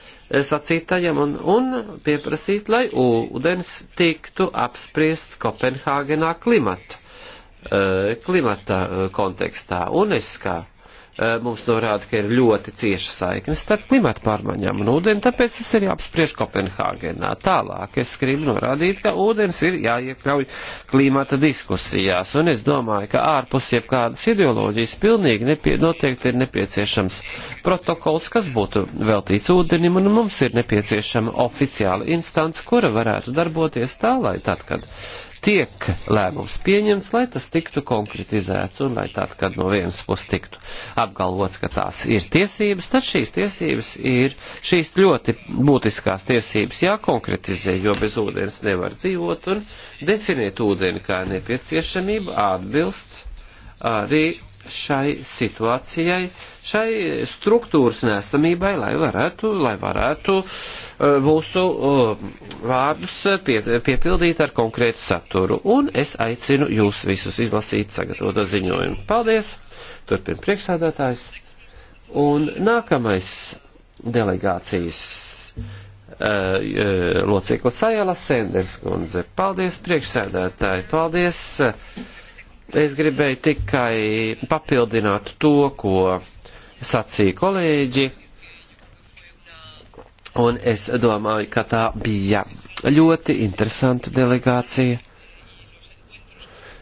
sacītajam un, un pieprasīt, lai ūdens tiktu apspriests Kopenhāgenā klimata, eh, klimata eh, kontekstā. Un es kā Eh, mums norāda, ka ir ļoti cieša saikne starp klimata pārmaiņām un ūdeni, tāpēc tas ir jāapspriež Kopenhāgenā. Tālāk es gribu norādīt, ka ūdens ir jāiekļauj klimata diskusijās, un es domāju, ka ārpus jebkādas ideoloģijas pilnīgi nepie, noteikti ir nepieciešams protokols, kas būtu veltīts ūdenim, un mums ir nepieciešama oficiāla instance, kura varētu darboties tā, lai tad, kad tiek lēmums pieņemts, lai tas tiktu konkretizēts un lai tad, kad no vienas puses tiktu apgalvots, ka tās ir tiesības, tad šīs tiesības ir, šīs ļoti būtiskās tiesības jākonkretizē, jo bez ūdens nevar dzīvot un definēt ūdeni kā nepieciešamību atbilst arī šai situācijai, šai struktūras nesamībai, lai varētu, lai varētu e, mūsu e, vārdus pie, piepildīt ar konkrētu saturu. Un es aicinu jūs visus izlasīt sagatavoto ziņojumu. Paldies! Turpin priekšsādātājs. Un nākamais delegācijas e, locekla Sajala Senders kundze. Paldies, priekšsēdētāji, paldies. Es gribēju tikai papildināt to, ko sacīja kolēģi. Un es domāju, ka tā bija ļoti interesanta delegācija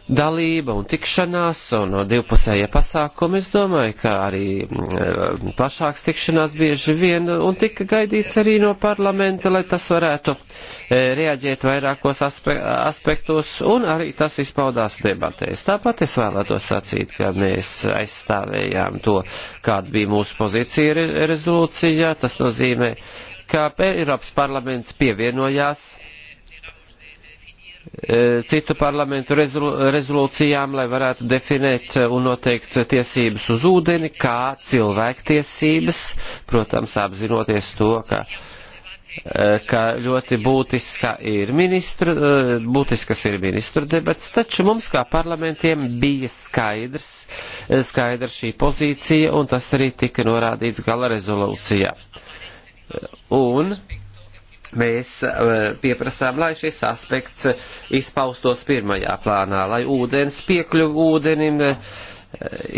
dalība un tikšanās un no divpusējie pasākumi, es domāju, ka arī mm, e, plašāks tikšanās bieži vien un tika gaidīts arī no parlamenta, lai tas varētu e, reaģēt vairākos aspe aspektos un arī tas izpaudās debatēs. Tāpat es vēlētos sacīt, ka mēs aizstāvējām to, kāda bija mūsu pozīcija re rezolūcijā. Tas nozīmē, ka Eiropas parlaments pievienojās E, citu parlamentu rezolūcijām, lai varētu definēt un noteikt tiesības uz ūdeni kā cilvēktiesības, protams, apzinoties to, ka, e, ka ļoti būtiska ir ministru, e, būtiskas ir ministru debats, taču mums kā parlamentiem bija skaidrs, skaidra šī pozīcija, un tas arī tika norādīts gala rezolūcijā. Un mēs eh, pieprasām, lai šis aspekts izpaustos pirmajā plānā, lai ūdens piekļuvu ūdenim eh,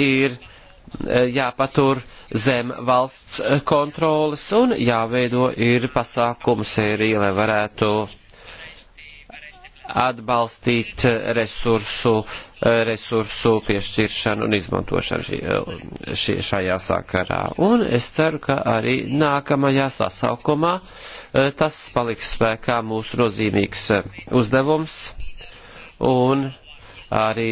ir eh, jāpatur zem valsts kontrolas un jāveido ir pasākumu sērija, lai varētu atbalstīt eh, resursu, eh, resursu piešķiršanu un izmantošanu šī, eh, šī, šajā sakarā. Un es ceru, ka arī nākamajā sasaukumā tas paliks spēkā mūsu nozīmīgs uzdevums un arī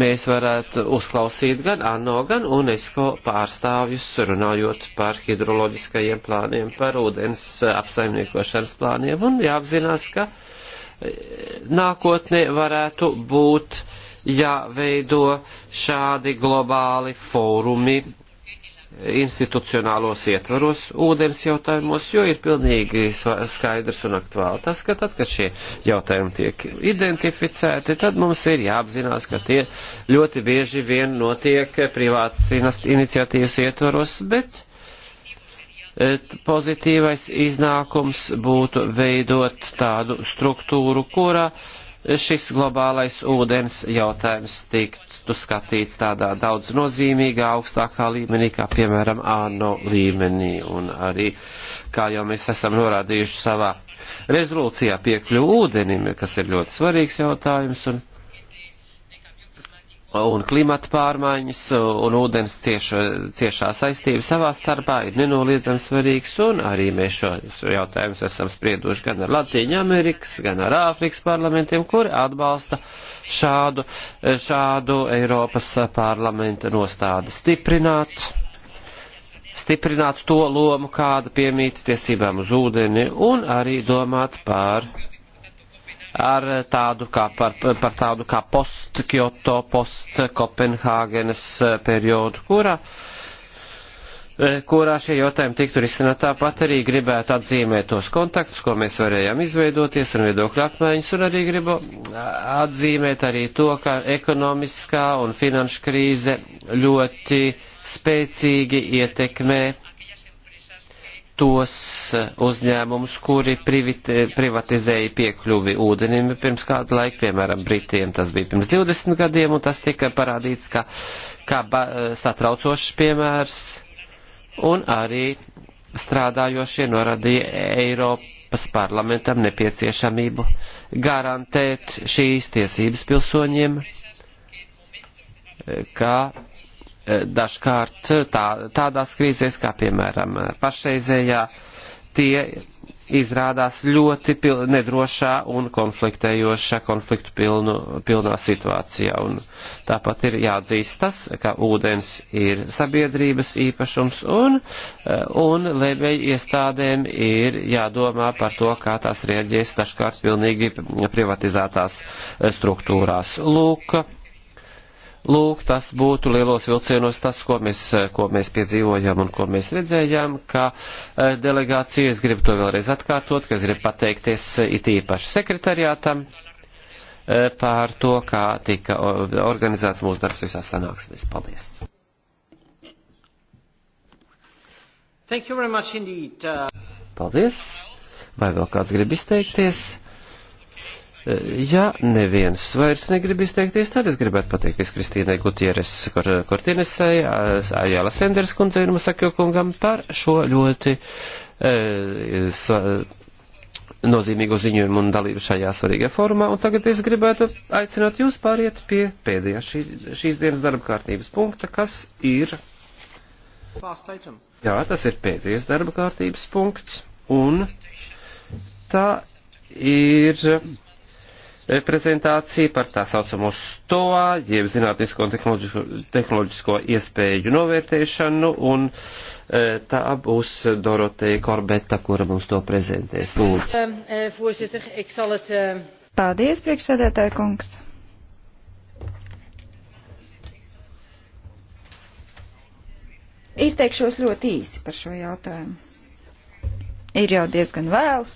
mēs varētu uzklausīt gan ANO, gan UNESCO pārstāvjus, runājot par hidroloģiskajiem plāniem, par ūdens apsaimniekošanas plāniem, un jāapzinās, ka e, nākotnē varētu būt jāveido šādi globāli fórumi institucionālos ietvaros ūdens jautājumos, jo ir pilnīgi skaidrs un aktuāli tas, ka tad, kad šie jautājumi tiek identificēti, tad mums ir jāapzinās, ka tie ļoti bieži vien notiek privātas iniciatīvas ietvaros, bet e, pozitīvais iznākums būtu veidot tādu struktūru, kurā uh, šis globālais ūdens jautājums tiktu skatīts tādā daudz nozīmīgā, augstākā līmenī, kā piemēram ANO līmenī. Un arī, kā jau mēs esam norādījuši savā rezolūcijā, piekļuvu ūdenim, kas ir ļoti svarīgs jautājums. Un, un klimata pārmaiņas un ūdens cieša, ciešā saistība savā starpā ir nenoliedzami svarīgs, un arī mēs šo jautājumus esam sprieduši gan ar Latīņu Amerikas, gan ar Āfrikas parlamentiem, kuri atbalsta šādu, šādu Eiropas parlamenta nostādi stiprināt stiprināt to lomu, kāda piemīt tiesībām uz ūdeni, un arī domāt pār ar tādu kā par, par tādu kā post-Kyoto, post-Kopenhāgenes periodu, kura kurā šie jautājumi tiktu risināt. Tāpat arī gribētu atzīmēt tos kontaktus, ko mēs varējām izveidoties un viedokļu apmaiņas, un arī gribu atzīmēt arī to, ka ekonomiskā un finanšu krīze ļoti spēcīgi ietekmē tos eh, uzņēmumus, kuri privite, privatizēja piekļuvi ūdenim pirms kādu laiku, piemēram, Britiem tas bija pirms 20 gadiem, un tas tika parādīts kā, kā ba, eh, satraucošs piemērs, un arī strādājošie norādīja Eiropas parlamentam nepieciešamību garantēt šīs tiesības pilsoņiem, eh, kā dažkārt tā, tādās krīzēs, kā piemēram pašreizējā, tie izrādās ļoti pil, nedrošā un konfliktējošā, konfliktu pilnu, pilnā situācijā. Un tāpat ir jāatzīst tas, ka ūdens ir sabiedrības īpašums un, un lēmēji iestādēm ir jādomā par to, kā tās rieģēs dažkārt pilnīgi privatizētās struktūrās. Lūk, Lūk, tas būtu lielos vilcienos tas, ko mēs, ko mēs piedzīvojam un ko mēs redzējām, ka eh, delegācija, es gribu to vēlreiz atkārtot, ka es gribu pateikties eh, it īpaši sekretariātam eh, pār to, kā tika organizēts mūsu darbs visās sanāksmēs. Paldies! Thank you very much indeed. Uh... Paldies! Vai vēl kāds grib izteikties? Ja neviens vairs negrib izteikties, tad es gribētu pateikties Kristīnai Gutieres Kortinesai, Ajāla Senders kundzei un Masakio kungam par šo ļoti e, sva, nozīmīgu ziņojumu un dalību šajā svarīgajā formā. Un tagad es gribētu aicināt jūs pāriet pie pēdējā šī, šīs dienas darba kārtības punkta, kas ir. Jā, tas ir pēdējais darba kārtības punkts. Un tā ir prezentāciju par tā saucamo STOA, jeb zinātnisko un tehnoloģisko, tehnoloģisko iespēju novērtēšanu, un e, tā būs Doroteja Korbeta, kura mums to prezentēs. Lūdzu. Ehm, e, ehm, Paldies, priekšsēdētāja kungs. Izteikšos ļoti īsi par šo jautājumu. Ir jau diezgan vēls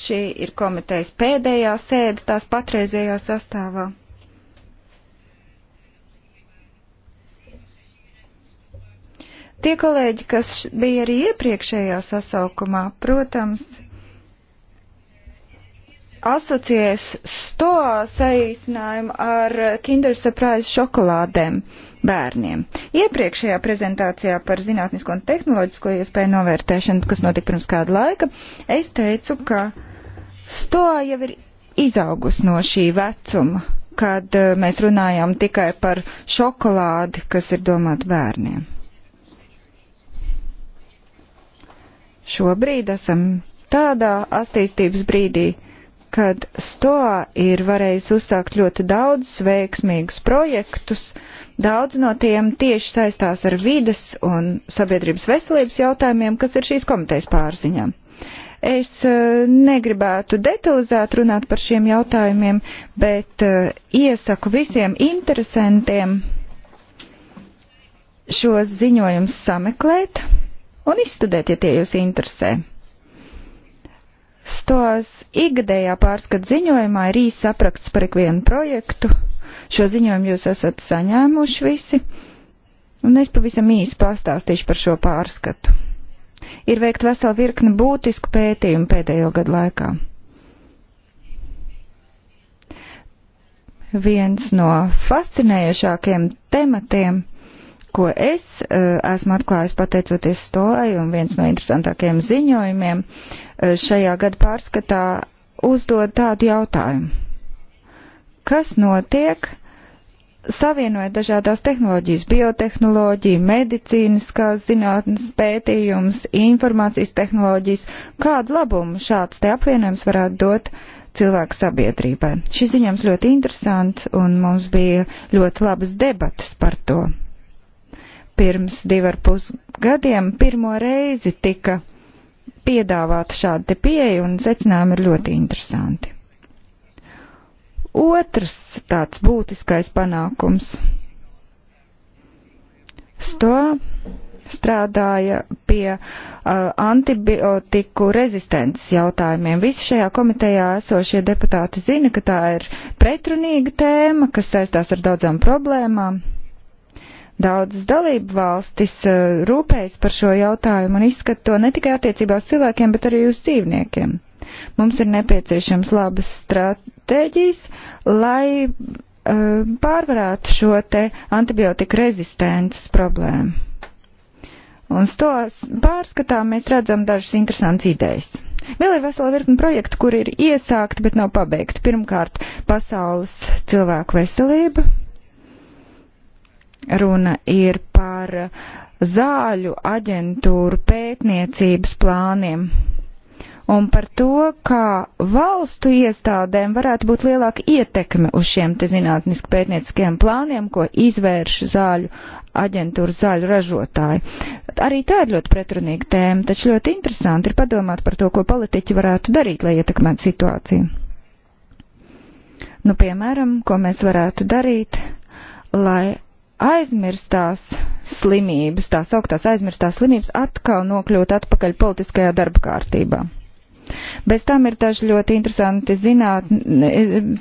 Šī ir komitejas pēdējā sēde tās patreizējā sastāvā. Tie kolēģi, kas bija arī iepriekšējā sasaukumā, protams, asociēs stoā saīsinājumu ar Kinder Surprise šokolādēm bērniem. Iepriekšējā prezentācijā par zinātnisko un tehnoloģisko iespēju novērtēšanu, kas notika pirms kāda laika, es teicu, ka stoā jau ir izaugus no šī vecuma, kad eh, mēs runājām tikai par šokolādi, kas ir domāta bērniem. Šobrīd esam tādā attīstības brīdī, kad STOA ir varējusi uzsākt ļoti daudz veiksmīgus projektus. Daudz no tiem tieši saistās ar vides un sabiedrības veselības jautājumiem, kas ir šīs komitejas pārziņām. Es eh, negribētu detalizēt runāt par šiem jautājumiem, bet eh, iesaku visiem interesantiem šos ziņojumus sameklēt un izstudēt, ja tie jūs interesē. Stos ikgadējā pārskat ziņojumā ir īsts apraksts par ikvienu projektu. Šo ziņojumu jūs esat saņēmuši visi, un es pavisam īsi pastāstīšu par šo pārskatu. Ir veikt veselu virkni būtisku pētījumu pēdējo gadu laikā. Viens no fascinējošākiem tematiem ko es uh, esmu atklājis pateicoties stojai un viens no interesantākajiem ziņojumiem uh, šajā gada pārskatā uzdod tādu jautājumu. Kas notiek, savienojot dažādās tehnoloģijas, biotehnoloģiju, medicīniskās zinātnes pētījumus, informācijas tehnoloģijas, kādu labumu šāds te apvienojums varētu dot cilvēku sabiedrībai. Šis ziņojums ļoti interesants un mums bija ļoti labas debatas par to pirms divi ar pus gadiem pirmo reizi tika piedāvāta šāda te pieeja un secinājumi ir ļoti interesanti. Otrs tāds būtiskais panākums. Sto strādāja pie uh, antibiotiku rezistences jautājumiem. Visi šajā komitejā esošie deputāti zina, ka tā ir pretrunīga tēma, kas saistās ar daudzām problēmām. Daudzas dalību valstis eh, rūpējas par šo jautājumu un izskata to ne tikai attiecībā uz cilvēkiem, bet arī uz dzīvniekiem. Mums ir nepieciešams labas stratēģijas, lai eh, pārvarētu šo te antibiotika rezistences problēmu. Un to pārskatām mēs redzam dažas interesantas idejas. Vēl ir vesela virkni projektu, kur ir iesākti, bet nav pabeigti. Pirmkārt, pasaules cilvēku veselība, Runa ir par zāļu aģentūru pētniecības plāniem un par to, kā valstu iestādēm varētu būt lielāka ietekme uz šiem te zinātniski pētnieciskajiem plāniem, ko izvērš zāļu aģentūra zāļu ražotāji. Arī tā ir ļoti pretrunīga tēma, taču ļoti interesanti ir padomāt par to, ko politiķi varētu darīt, lai ietekmētu situāciju. Nu, piemēram, ko mēs varētu darīt, lai aizmirstās slimības, tās augtās aizmirstās slimības atkal nokļūt atpakaļ politiskajā darba kārtībā. Bez tam ir daži ļoti interesanti zināt,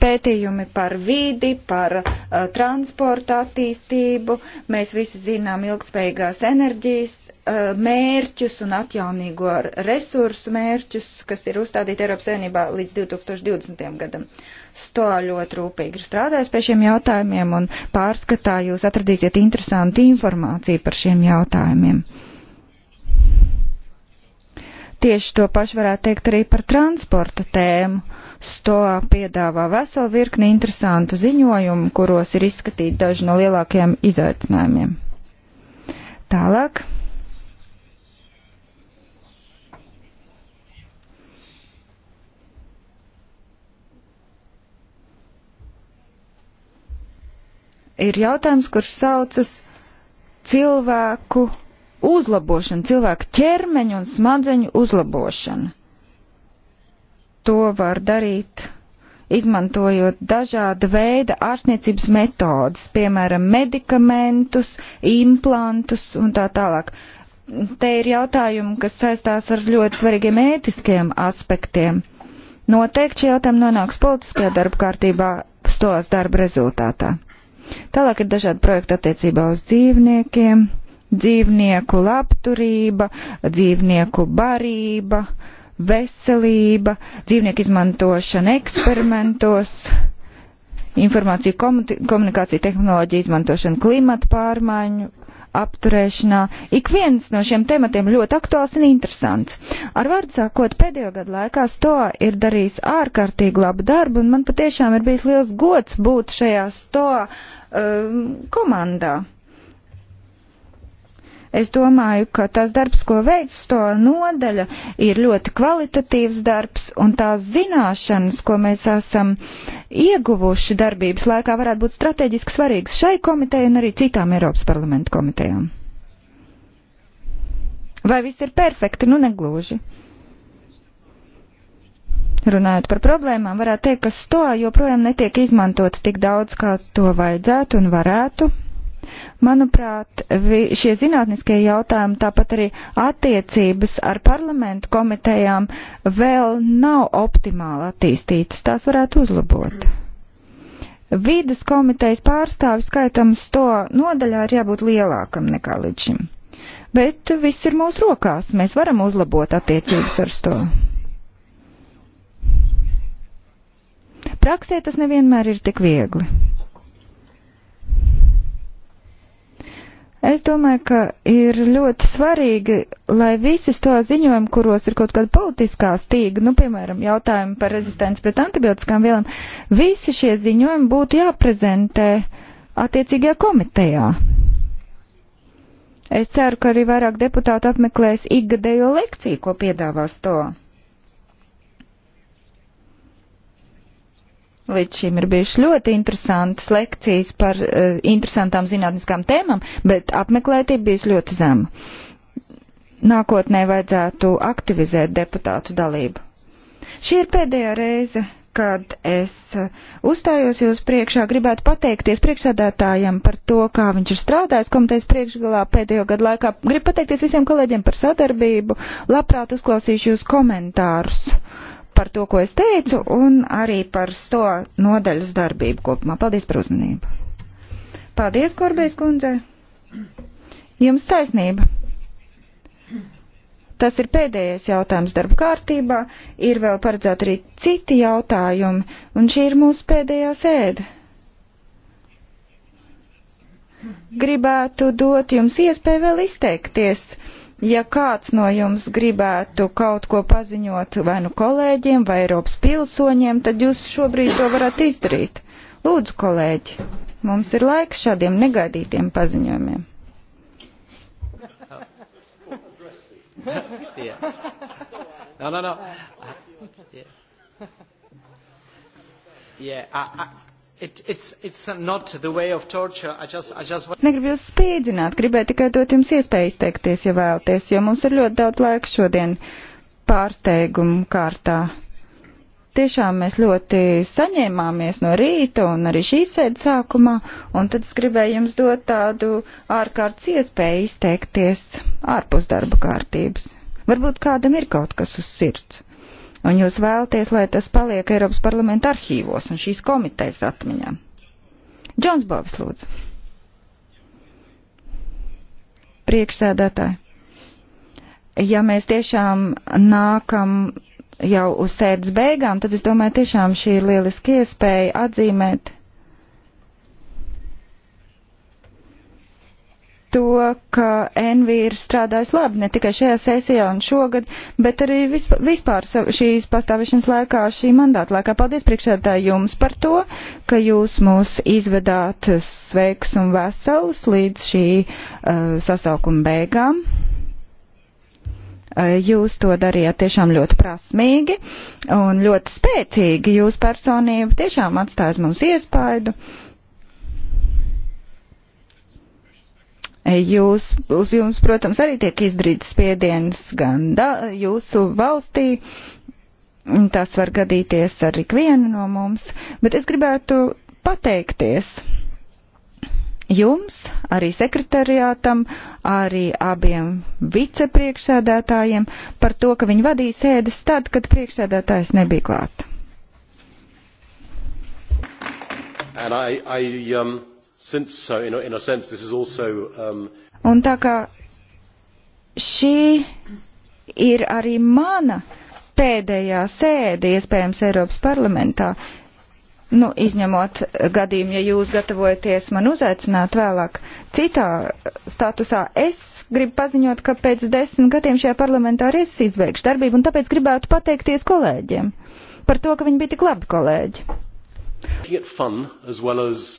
pētījumi par vidi, par uh, transporta attīstību. Mēs visi zinām ilgspējīgās enerģijas uh, mērķus un atjaunīgo resursu mērķus, kas ir uzstādīti Eiropas Savienībā līdz 2020. gadam. Uh, to ļoti rūpīgi ir strādājis pie šiem jautājumiem un pārskatā jūs atradīsiet interesantu informāciju par šiem jautājumiem. Tieši to pašu varētu teikt arī par transporta tēmu. STO piedāvā veselu virkni interesantu ziņojumu, kuros ir izskatīti daži no lielākajiem izaicinājumiem. Tālāk. ir jautājums, kurš saucas cilvēku uzlabošana, cilvēku ķermeņa un smadzeņu uzlabošana. To var darīt izmantojot dažāda veida ārstniecības metodas, piemēram, medikamentus, implantus un tā tālāk. Te ir jautājumi, kas saistās ar ļoti svarīgiem ētiskiem aspektiem. Noteikti šie jautājumi nonāks politiskajā darba kārtībā stos darba rezultātā. Tālāk ir dažādi projekti attiecībā uz dzīvniekiem, dzīvnieku labturība, dzīvnieku barība, veselība, dzīvnieku izmantošana eksperimentos, informāciju komunikāciju tehnoloģiju izmantošana klimata pārmaiņu apturēšanā. Ik viens no šiem tematiem ļoti aktuāls un interesants. Ar vārdu sākot, pēdējo gadu laikā to ir darījis ārkārtīgi labu darbu, un man patiešām ir bijis liels gods būt šajā to um, komandā. Es domāju, ka tas darbs, ko veids to nodaļa, ir ļoti kvalitatīvs darbs, un tās zināšanas, ko mēs esam ieguvuši darbības laikā, varētu būt strateģiski svarīgas šai komitejai un arī citām Eiropas parlamenta komitejām. Vai viss ir perfekti? Nu, negluži. Runājot par problēmām, varētu teikt, ka sto joprojām netiek izmantots tik daudz, kā to vajadzētu un varētu. Manuprāt, vi, šie zinātniskie jautājumi, tāpat arī attiecības ar parlamentu komitejām vēl nav optimāli attīstītas. Tās varētu uzlabot. Vides komitejas pārstāvju skaitams to nodaļā ir jābūt lielākam nekā līdz šim. Bet viss ir mūsu rokās. Mēs varam uzlabot attiecības ar to. Praksē tas nevienmēr ir tik viegli. Es domāju, ka ir ļoti svarīgi, lai visus to ziņojumu, kuros ir kaut kāda politiskā stīga, nu, piemēram, jautājumi par rezistenci pret antibiotiskām vielām, visi šie ziņojumi būtu jāprezentē attiecīgajā komitejā. Es ceru, ka arī vairāk deputātu apmeklēs ikgadējo lekciju, ko piedāvās to. Līdz šim ir bijušas ļoti interesantas lekcijas par uh, interesantām zinātniskām tēmām, bet apmeklētība bijusi ļoti zema. Nākotnē vajadzētu aktivizēt deputātu dalību. Šī ir pēdējā reize, kad es eh, uzstājos jūs priekšā, gribētu pateikties priekšsādātājiem par to, kā viņš ir strādājis komitejas priekšgalā pēdējo gadu laikā. Gribu pateikties visiem kolēģiem par sadarbību. Labprāt uzklausīšu jūs komentārus. Uh, par to, ko es teicu, un arī par to nodaļas darbību kopumā. Paldies par uzmanību. Paldies, Korbējas kundze. Jums taisnība. Tas ir pēdējais jautājums darba kārtībā, ir vēl paredzēti arī citi jautājumi, un šī ir mūsu pēdējā sēde. Gribētu dot jums iespēju vēl izteikties. Ja kāds no jums gribētu kaut ko paziņot vai nu kolēģiem, vai Eiropas pilsoņiem, tad jūs šobrīd to varat izdarīt. Lūdzu, kolēģi, mums ir laiks šādiem negaidītiem paziņojumiem. yeah. No, no, no. Yeah. Yeah, I, I, It, it's, it's I just, I just... Es negribu jūs spīdzināt, gribēju tikai dot jums iespēju izteikties, ja vēlaties, jo mums ir ļoti daudz laika šodien pārsteigumu kārtā. Tiešām mēs ļoti saņēmāmies no rīta un arī šī sēde sākumā, un tad es gribēju jums dot tādu ārkārtas iespēju izteikties ārpus darba kārtības. Varbūt kādam ir kaut kas uz sirds un jūs vēlaties, lai tas paliek Eiropas parlamenta arhīvos un šīs komitejas atmiņā. Džons Bobs, lūdzu. Priekšsēdētāji. Ja mēs tiešām nākam jau uz sēdes beigām, tad es domāju, tiešām šī ir lieliski iespēja atzīmēt to, ka NV ir strādājis labi ne tikai šajā sesijā un šogad, bet arī vispār šīs pastāvēšanas laikā, šī mandāta laikā. Paldies priekšsēdētāji jums par to, ka jūs mūs izvedāt sveiks un veselus līdz šī uh, sasaukuma beigām. Uh, jūs to darījāt tiešām ļoti prasmīgi un ļoti spēcīgi. Jūsu personība tiešām atstājas mums iespaidu. Uh, Jūs, uz jums, protams, arī tiek izdarīts spiediens gan da, jūsu valstī, tas var gadīties ar ikvienu no mums, bet es gribētu pateikties jums, arī sekretariātam, arī abiem vicepriekšsēdētājiem par to, ka viņi vadīja sēdes tad, kad priekšsēdētājs nebija klāt. And I, I, um... Since, so in a, in a sense, this is also, um... Un tā kā šī ir arī mana pēdējā sēde, iespējams, Eiropas parlamentā, nu, izņemot gadījumu, ja jūs gatavojaties man uzaicināt vēlāk citā statusā, es gribu paziņot, ka pēc desmit gadiem šajā parlamentā arī es izbeigšu darbību, un tāpēc gribētu pateikties kolēģiem par to, ka viņi bija tik labi kolēģi.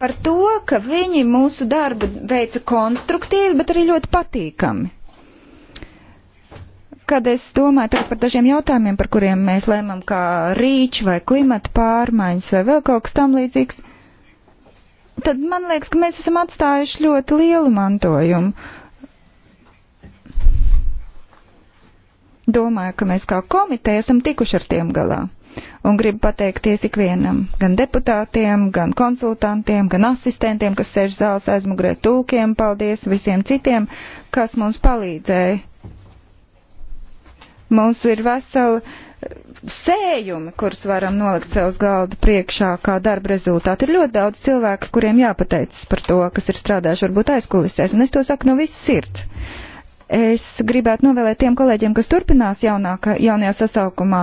Par to, ka viņi mūsu darbu veica konstruktīvi, bet arī ļoti patīkami. Kad es domāju par dažiem jautājumiem, par kuriem mēs lēmām, kā rīč vai klimata pārmaiņas vai vēl kaut kas tam līdzīgs, tad man liekas, ka mēs esam atstājuši ļoti lielu mantojumu. Domāju, ka mēs kā komiteja esam tikuši ar tiem galā un gribu pateikties ikvienam, gan deputātiem, gan konsultantiem, gan asistentiem, kas sēž zāles aizmugurē, tulkiem, paldies visiem citiem, kas mums palīdzēja. Mums ir veseli sējumi, kurus varam nolikt sev uz galda priekšā kā darba rezultāti. Ir ļoti daudz cilvēku, kuriem jāpateicas par to, kas ir strādājuši varbūt aizkulisēs, un es to saku no visas sirds. Es gribētu novēlēt tiem kolēģiem, kas turpinās jaunāka, jaunajā sasaukumā,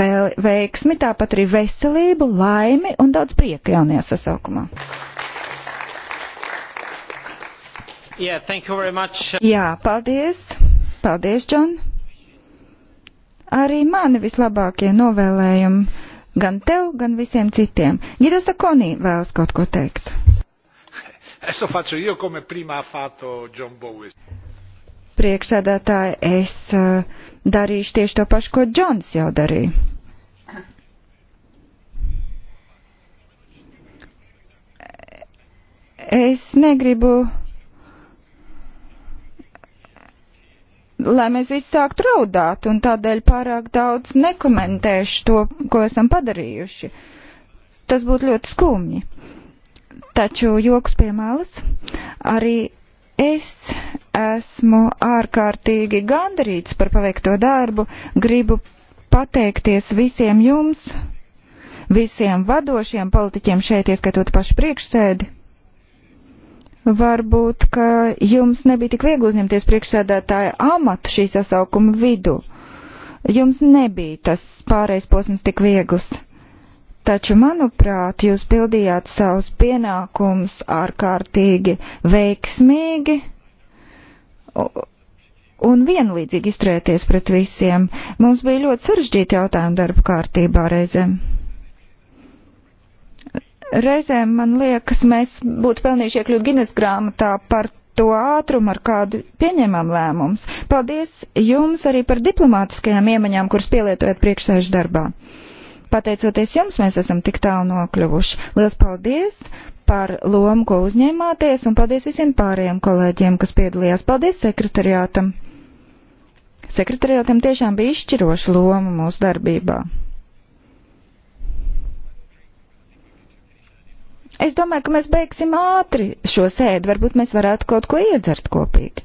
vēl veiksmi, tāpat arī veselību, laimi un daudz prieka jaunajā sasaukumā. Yeah, Jā, paldies. Paldies, Džon. Arī mani vislabākie novēlējumi gan tev, gan visiem citiem. Gido Sakonī vēlas kaut ko teikt. Adesso faccio io come prima ha fatto John Bowis. Priekšsēdētāji, es uh, darīšu tieši to pašu, ko Džons jau darīja. Es negribu, lai mēs visi sāktu raudāt, un tādēļ pārāk daudz nekomentēšu to, ko esam padarījuši. Tas būtu ļoti skumji. Taču joks pie malas, arī es Esmu ārkārtīgi gandarīts par paveikto darbu. Gribu pateikties visiem jums, visiem vadošiem politiķiem šeit, ieskaitot pašu priekšsēdi. Varbūt, ka jums nebija tik viegli uzņemties priekšsēdētāja amatu šī sasaukuma vidu. Jums nebija tas pārējais posms tik viegls. Taču, manuprāt, jūs pildījāt savus pienākumus ārkārtīgi veiksmīgi un vienlīdzīgi izturēties pret visiem. Mums bija ļoti sarežģīti jautājumi darba kārtībā reizēm. Reizēm man liekas, mēs būtu pelnījuši iekļūt Guinness grāmatā par to ātrumu, ar kādu pieņemam lēmumus. Paldies jums arī par diplomātiskajām iemaņām, kuras pielietojat priekšsēžu darbā. Pateicoties jums, mēs esam tik tālu nokļuvuši. Lielas paldies par lomu, ko uzņēmāties, un paldies visiem pārējiem kolēģiem, kas piedalījās. Paldies sekretariātam! Sekretariātam tiešām bija izšķiroša loma mūsu darbībā. Es domāju, ka mēs beigsim ātri šo sēdi. Varbūt mēs varētu kaut ko iedzert kopīgi.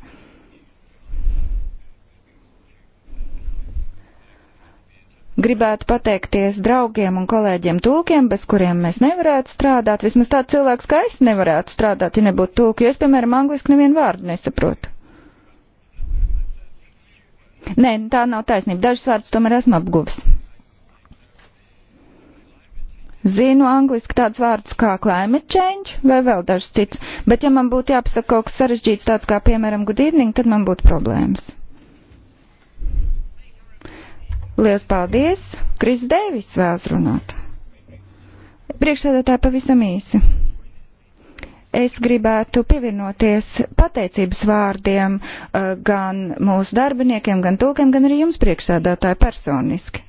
Gribētu pateikties draugiem un kolēģiem tulkiem, bez kuriem mēs nevarētu strādāt. Vismaz tāds cilvēks kā es nevarētu strādāt, ja nebūtu tulki, jo es, piemēram, angliski nevienu vārdu nesaprotu. Nē, tā nav taisnība. Dažus vārdus tomēr esmu apguvis. Zinu angliski tādus vārdus kā climate change vai vēl dažs cits, bet ja man būtu jāpasaka kaut kas sarežģīts tāds kā, piemēram, good evening, tad man būtu problēmas. Lielas paldies! Kris Dēvis vēlas runāt. Priekšsēdētāji pavisam īsi. Es gribētu pievienoties pateicības vārdiem eh, gan mūsu darbiniekiem, gan tūkiem, gan arī jums priekšsēdētāji personiski.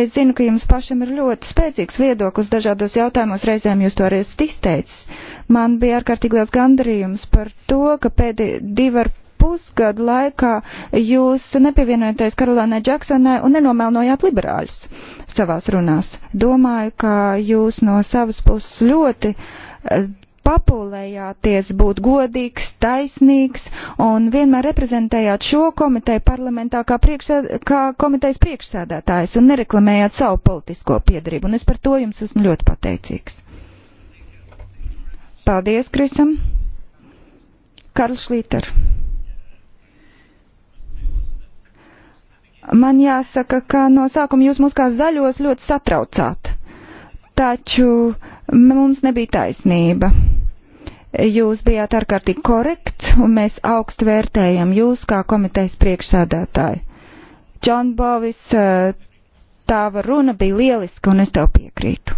Es zinu, ka jums pašam ir ļoti spēcīgs viedoklis dažādos jautājumos, reizēm jūs to arī esat izteicis. Man bija ārkārtīgi liels gandarījums par to, ka pēdējie divi ar pusgada laikā jūs nepievienojaties Karolēnai Džeksonai un nenomēlnojāt liberāļus savās runās. Domāju, ka jūs no savas puses ļoti eh, papulējāties būt godīgs, taisnīgs un vienmēr reprezentējāt šo komiteju parlamentā kā, priekšsēd, kā komitejas priekšsēdētājs un nereklamējāt savu politisko piedarību. Un es par to jums esmu ļoti pateicīgs. Paldies, Krisam. Karls Šlīter. Man jāsaka, ka no sākuma jūs mūs kā zaļos ļoti satraucāt, taču mums nebija taisnība. Jūs bijāt ārkārtīgi korekts, un mēs augstu vērtējam jūs kā komitejas priekšsādātāju. Džon Bovis, eh, tava runa bija lieliska, un es tev piekrītu.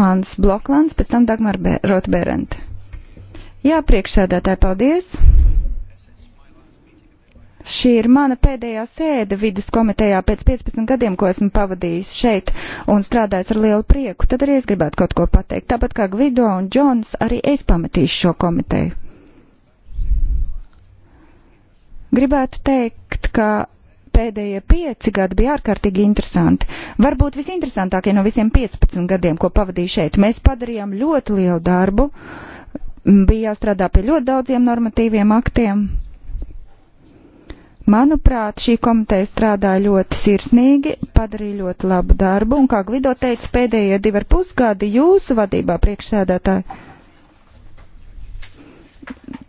Hans Bloklands, pēc tam Dagmar Rotberente. Jā, priekšsēdētāji, paldies! Šī ir mana pēdējā sēde vidas komitejā pēc 15 gadiem, ko esmu pavadījis šeit un strādājis ar lielu prieku. Tad arī es gribētu kaut ko pateikt. Tāpat kā Gvido un Džons, arī es pametīšu šo komiteju. Gribētu teikt, ka pēdējie pieci gadi bija ārkārtīgi interesanti. Varbūt visinteresantākie no visiem 15 gadiem, ko pavadīju šeit. Mēs padarījām ļoti lielu darbu bija jāstrādā pie ļoti daudziem normatīviem aktiem. Manuprāt, šī komiteja strādāja ļoti sirsnīgi, padarīja ļoti labu darbu, un, kā Gvido teica, pēdējie divi ar pusgadi jūsu vadībā priekšsēdētāji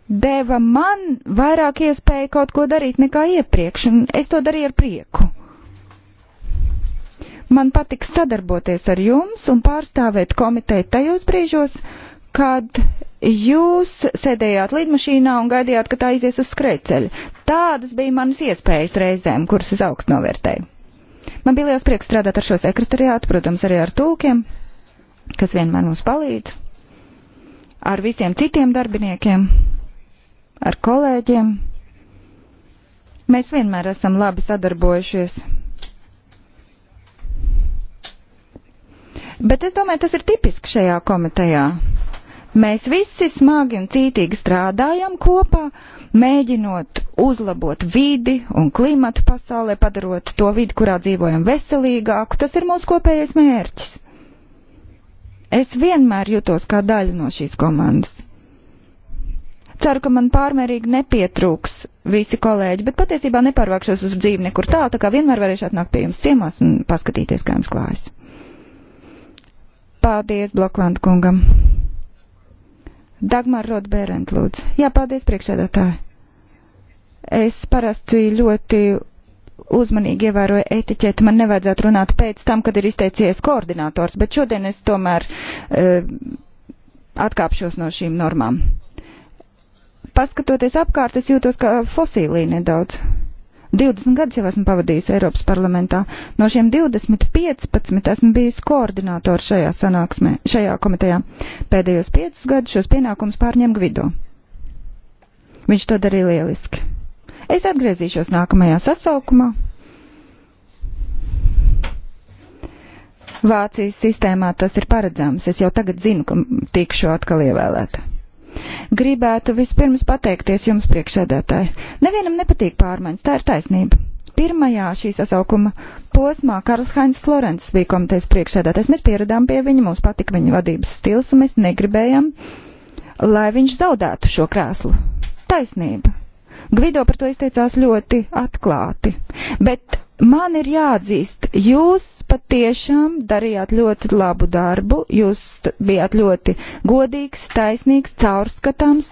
deva man vairāk iespēju kaut ko darīt nekā iepriekš, un es to darīju ar prieku. Man patiks sadarboties ar jums un pārstāvēt komiteju tajos brīžos, kad jūs sēdējāt lidmašīnā un gaidījāt, ka tā aizies uz skrejceļu. Tādas bija manas iespējas reizēm, kuras es augstu novērtēju. Man bija liels prieks strādāt ar šo sekretariātu, protams, arī ar tulkiem, kas vienmēr mums palīdz, ar visiem citiem darbiniekiem, ar kolēģiem. Mēs vienmēr esam labi sadarbojušies. Bet es domāju, tas ir tipiski šajā komitejā Mēs visi smagi un cītīgi strādājam kopā, mēģinot uzlabot vidi un klimatu pasaulē, padarot to vidi, kurā dzīvojam, veselīgāku. Tas ir mūsu kopējais mērķis. Es vienmēr jutos kā daļa no šīs komandas. Ceru, ka man pārmērīgi nepietrūks visi kolēģi, bet patiesībā nepārvākšos uz dzīvi nekur tālu, tā kā vienmēr varēšu atnākt pie jums ciemās un paskatīties, kā jums klājas. Paldies Bloklanda kungam! Dagmar Rodbērent, lūdzu. Jā, paldies, priekšsēdētāji. Es parasti ļoti uzmanīgi ievēroju etiķeti, man nevajadzētu runāt pēc tam, kad ir izteicies koordinators, bet šodien es tomēr uh, atkāpšos no šīm normām. Paskatoties apkārt, es jūtos kā fosīlī nedaudz. 20 gadus jau esmu pavadījis Eiropas parlamentā. No šiem 20, 15 esmu bijis koordinātors šajā sanāksmē, šajā komitejā. Pēdējos 5 gadus šos pienākumus pārņem Gvido. Viņš to darīja lieliski. Es atgriezīšos nākamajā sasaukumā. Vācijas sistēmā tas ir paredzams. Es jau tagad zinu, ka tikšu atkal ievēlēta. Gribētu vispirms pateikties jums priekšsēdētāji. Nevienam nepatīk pārmaiņas, tā ir taisnība. Pirmajā šī sasaukuma posmā Karls Hainz Florences bija komitejas priekšsēdētājs. Mēs pieradām pie viņa, mums patika viņa vadības stils, un mēs negribējām, lai viņš zaudētu šo krēslu. Taisnība. Gvido par to izteicās ļoti atklāti, bet Man ir jāatzīst, jūs patiešām darījāt ļoti labu darbu, jūs bijāt ļoti godīgs, taisnīgs, caurskatāms,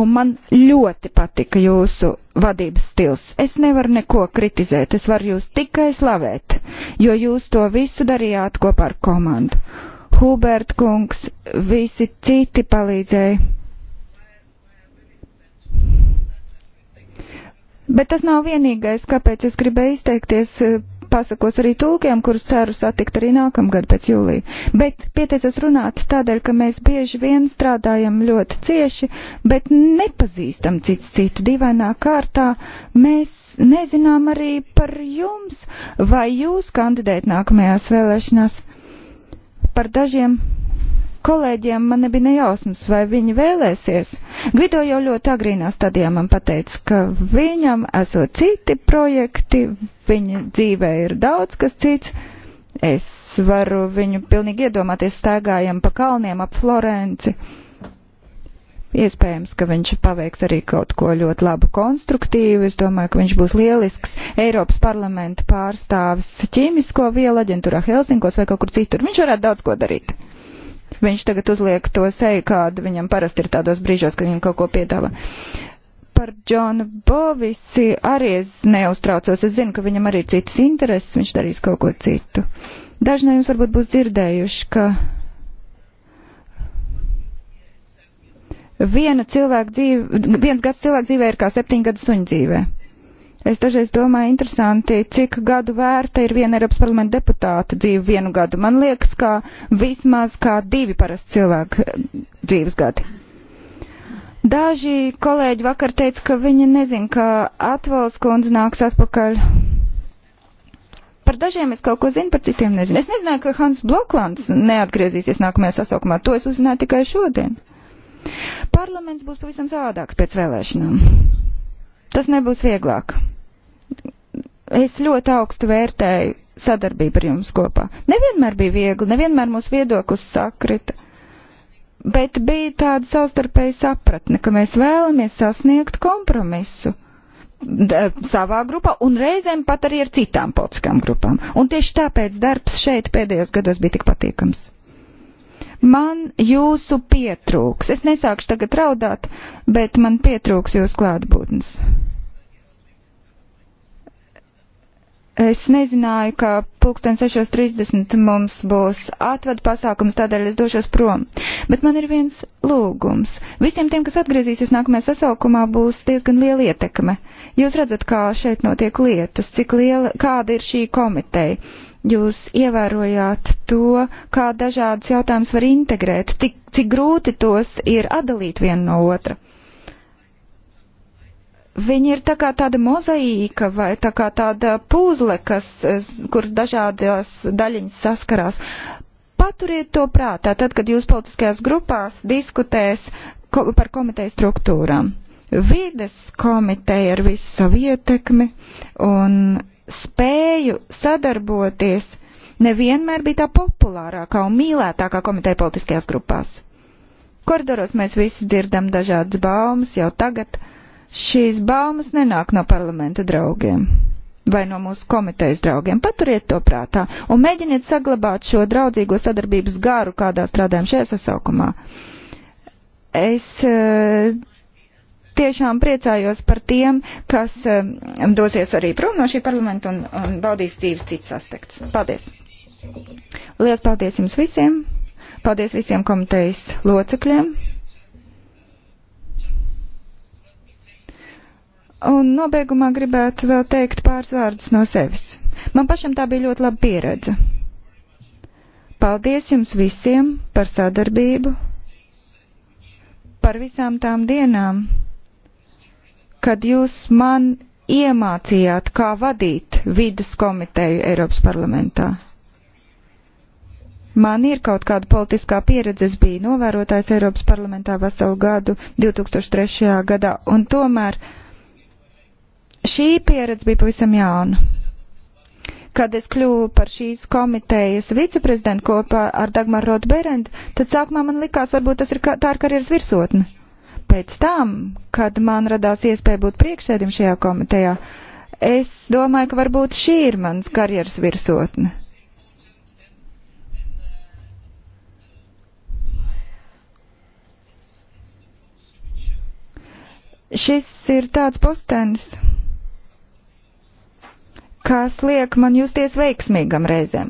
un man ļoti patika jūsu vadības stils. Es nevaru neko kritizēt, es varu jūs tikai slavēt, jo jūs to visu darījāt kopā ar komandu. Hubert kungs, visi citi palīdzēja. Bet tas nav vienīgais, kāpēc es gribēju izteikties. E, pasakos arī tulkiem, kurus ceru satikt arī nākamgad pēc jūlija. Bet pieteicos runāt tādēļ, ka mēs bieži vien strādājam ļoti cieši, bet nepazīstam cits citu. Dīvainā kārtā mēs nezinām arī par jums, vai jūs kandidēt nākamajās vēlēšanās. Par dažiem kolēģiem man nebija nejausmas, vai viņi vēlēsies. Gvido jau ļoti agrīnā stadijā man pateica, ka viņam esot citi projekti, viņa dzīvē ir daudz kas cits. Es varu viņu pilnīgi iedomāties staigājam pa kalniem ap Florenci. Iespējams, ka viņš paveiks arī kaut ko ļoti labu konstruktīvu. Es domāju, ka viņš būs lielisks Eiropas parlamenta pārstāvis ķīmisko vielu aģentūrā Helsinkos vai kaut kur citur. Viņš varētu daudz ko darīt. Viņš tagad uzliek to seju, kāda viņam parasti ir tādos brīžos, kad viņam kaut ko piedāvā. Par Džonu Bovisi arī es neuztraucos. Es zinu, ka viņam arī ir citas intereses, viņš darīs kaut ko citu. Daži no jums varbūt būs dzirdējuši, ka viena cilvēka dzīve, viens gads cilvēka dzīvē ir kā septiņu gadu suņu dzīvē. Es dažreiz domāju, interesanti, cik gadu vērta ir viena Eiropas parlamenta deputāta dzīve vienu gadu. Man liekas, ka vismaz kā divi parasti cilvēki eh, dzīves gadi. Daži kolēģi vakar teica, ka viņi nezin, ka atvalsts kundze nāks atpakaļ. Par dažiem es kaut ko zinu, par citiem nezinu. Es nezināju, ka Hans Bloklands neatgriezīsies nākamajā sasaukumā. To es uzzināju tikai šodien. Parlaments būs pavisam savādāks pēc vēlēšanām. Tas nebūs vieglāk es ļoti augstu vērtēju sadarbību ar jums kopā. Nevienmēr bija viegli, nevienmēr mūsu viedoklis sakrita, bet bija tāda savstarpēja sapratne, ka mēs vēlamies sasniegt kompromisu savā grupā un reizēm pat arī ar citām politiskām grupām. Un tieši tāpēc darbs šeit pēdējos gados bija tik patīkams. Man jūsu pietrūks. Es nesākšu tagad raudāt, bet man pietrūks jūsu klātbūtnes. Es nezināju, ka pulksten 6.30 mums būs atvadu pasākums, tādēļ es došos prom. Bet man ir viens lūgums. Visiem tiem, kas atgriezīsies nākamajā sasaukumā, būs diezgan liela ietekme. Jūs redzat, kā šeit notiek lietas, cik liela, kāda ir šī komiteja. Jūs ievērojāt to, kā dažādus jautājumus var integrēt, tik, cik grūti tos ir atdalīt vienu no otra. Viņi ir tā kā tāda mozaīka vai tā kā tāda puzle, kas, kur dažādas daļiņas saskarās. Paturiet to prātā, tad, kad jūs politiskajās grupās diskutēs ko, par komiteju struktūrām. Vides komiteja ar visu savu ietekmi un spēju sadarboties nevienmēr bija tā populārākā un mīlētākā komiteja politiskajās grupās. Koridoros mēs visi dzirdam dažādas baumas jau tagad. Uh, Šīs baumas nenāk no parlamenta draugiem vai no mūsu komitejas draugiem. Paturiet to prātā un mēģiniet saglabāt šo draudzīgo sadarbības garu, kādā strādājam šajā sasaukumā. Es uh, tiešām priecājos par tiem, kas um, dosies arī prom no šī parlamenta un, un baudīs dzīves citus aspektus. Paldies! Lielas paldies jums visiem! Paldies visiem komitejas locekļiem! Un nobeigumā gribētu vēl teikt pāris vārdus no sevis. Man pašam tā bija ļoti laba pieredze. Paldies jums visiem par sadarbību, par visām tām dienām, kad jūs man iemācījāt, kā vadīt vidas komiteju Eiropas parlamentā. Man ir kaut kāda politiskā pieredze, es biju novērotājs Eiropas parlamentā veselu gadu 2003. gadā, un tomēr Šī pieredze bija pavisam jauna. Kad es kļuvu par šīs komitejas viceprezidentu kopā ar Dagmaru Rotberendu, tad sākumā man likās, varbūt tas ir kā, tā ir karjeras virsotne. Pēc tam, kad man radās iespēja būt priekšsēdim šajā komitejā, es domāju, ka varbūt šī ir mans karjeras virsotne. Šis ir tāds postenis, kas liek man justies veiksmīgam reizēm.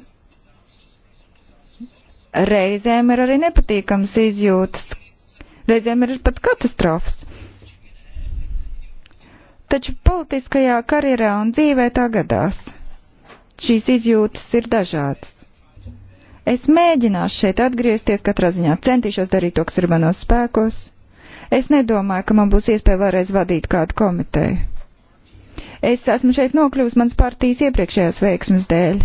Reizēm ir arī nepatīkams izjūtas, reizēm ir pat katastrofas. Taču politiskajā karjerā un dzīvē tā gadās. Šīs izjūtas ir dažādas. Es mēģināšu šeit atgriezties katrā ziņā, centīšos darīt to, kas ir manos spēkos. Es nedomāju, ka man būs iespēja vēlreiz vadīt kādu komiteju Es esmu šeit nokļuvusi mans partijas iepriekšējās veiksmes dēļ.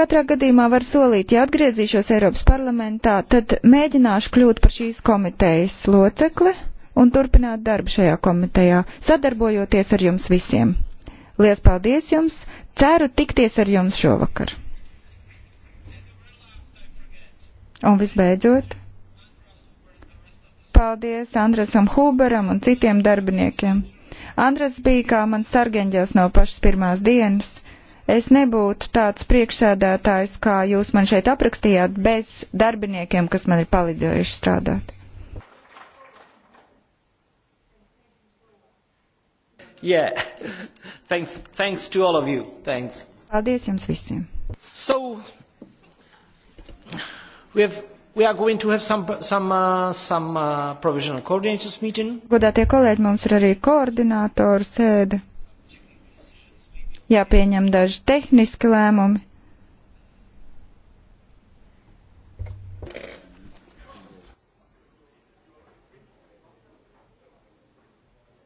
Katrā gadījumā var solīt, ja atgriezīšos Eiropas parlamentā, tad mēģināšu kļūt par šīs komitejas locekli un turpināt darbu šajā komitejā, sadarbojoties ar jums visiem. Lielas paldies jums! Ceru tikties ar jums šovakar! Un visbeidzot! Paldies Andresam Huberam un citiem darbiniekiem. Andres bija kā man sargeņģels no pašas pirmās dienas. Es nebūtu tāds priekšsēdētājs, kā jūs man šeit aprakstījāt, bez darbiniekiem, kas man ir palīdzējuši strādāt. Yeah. Thanks, thanks to all of you. Thanks. Paldies jums visiem. So, we have We are going to have some, some, uh, some uh, provisional coordinators meeting. Godātie kolēģi, mums ir arī koordinātoru sēde. Jāpieņem daži tehniski lēmumi.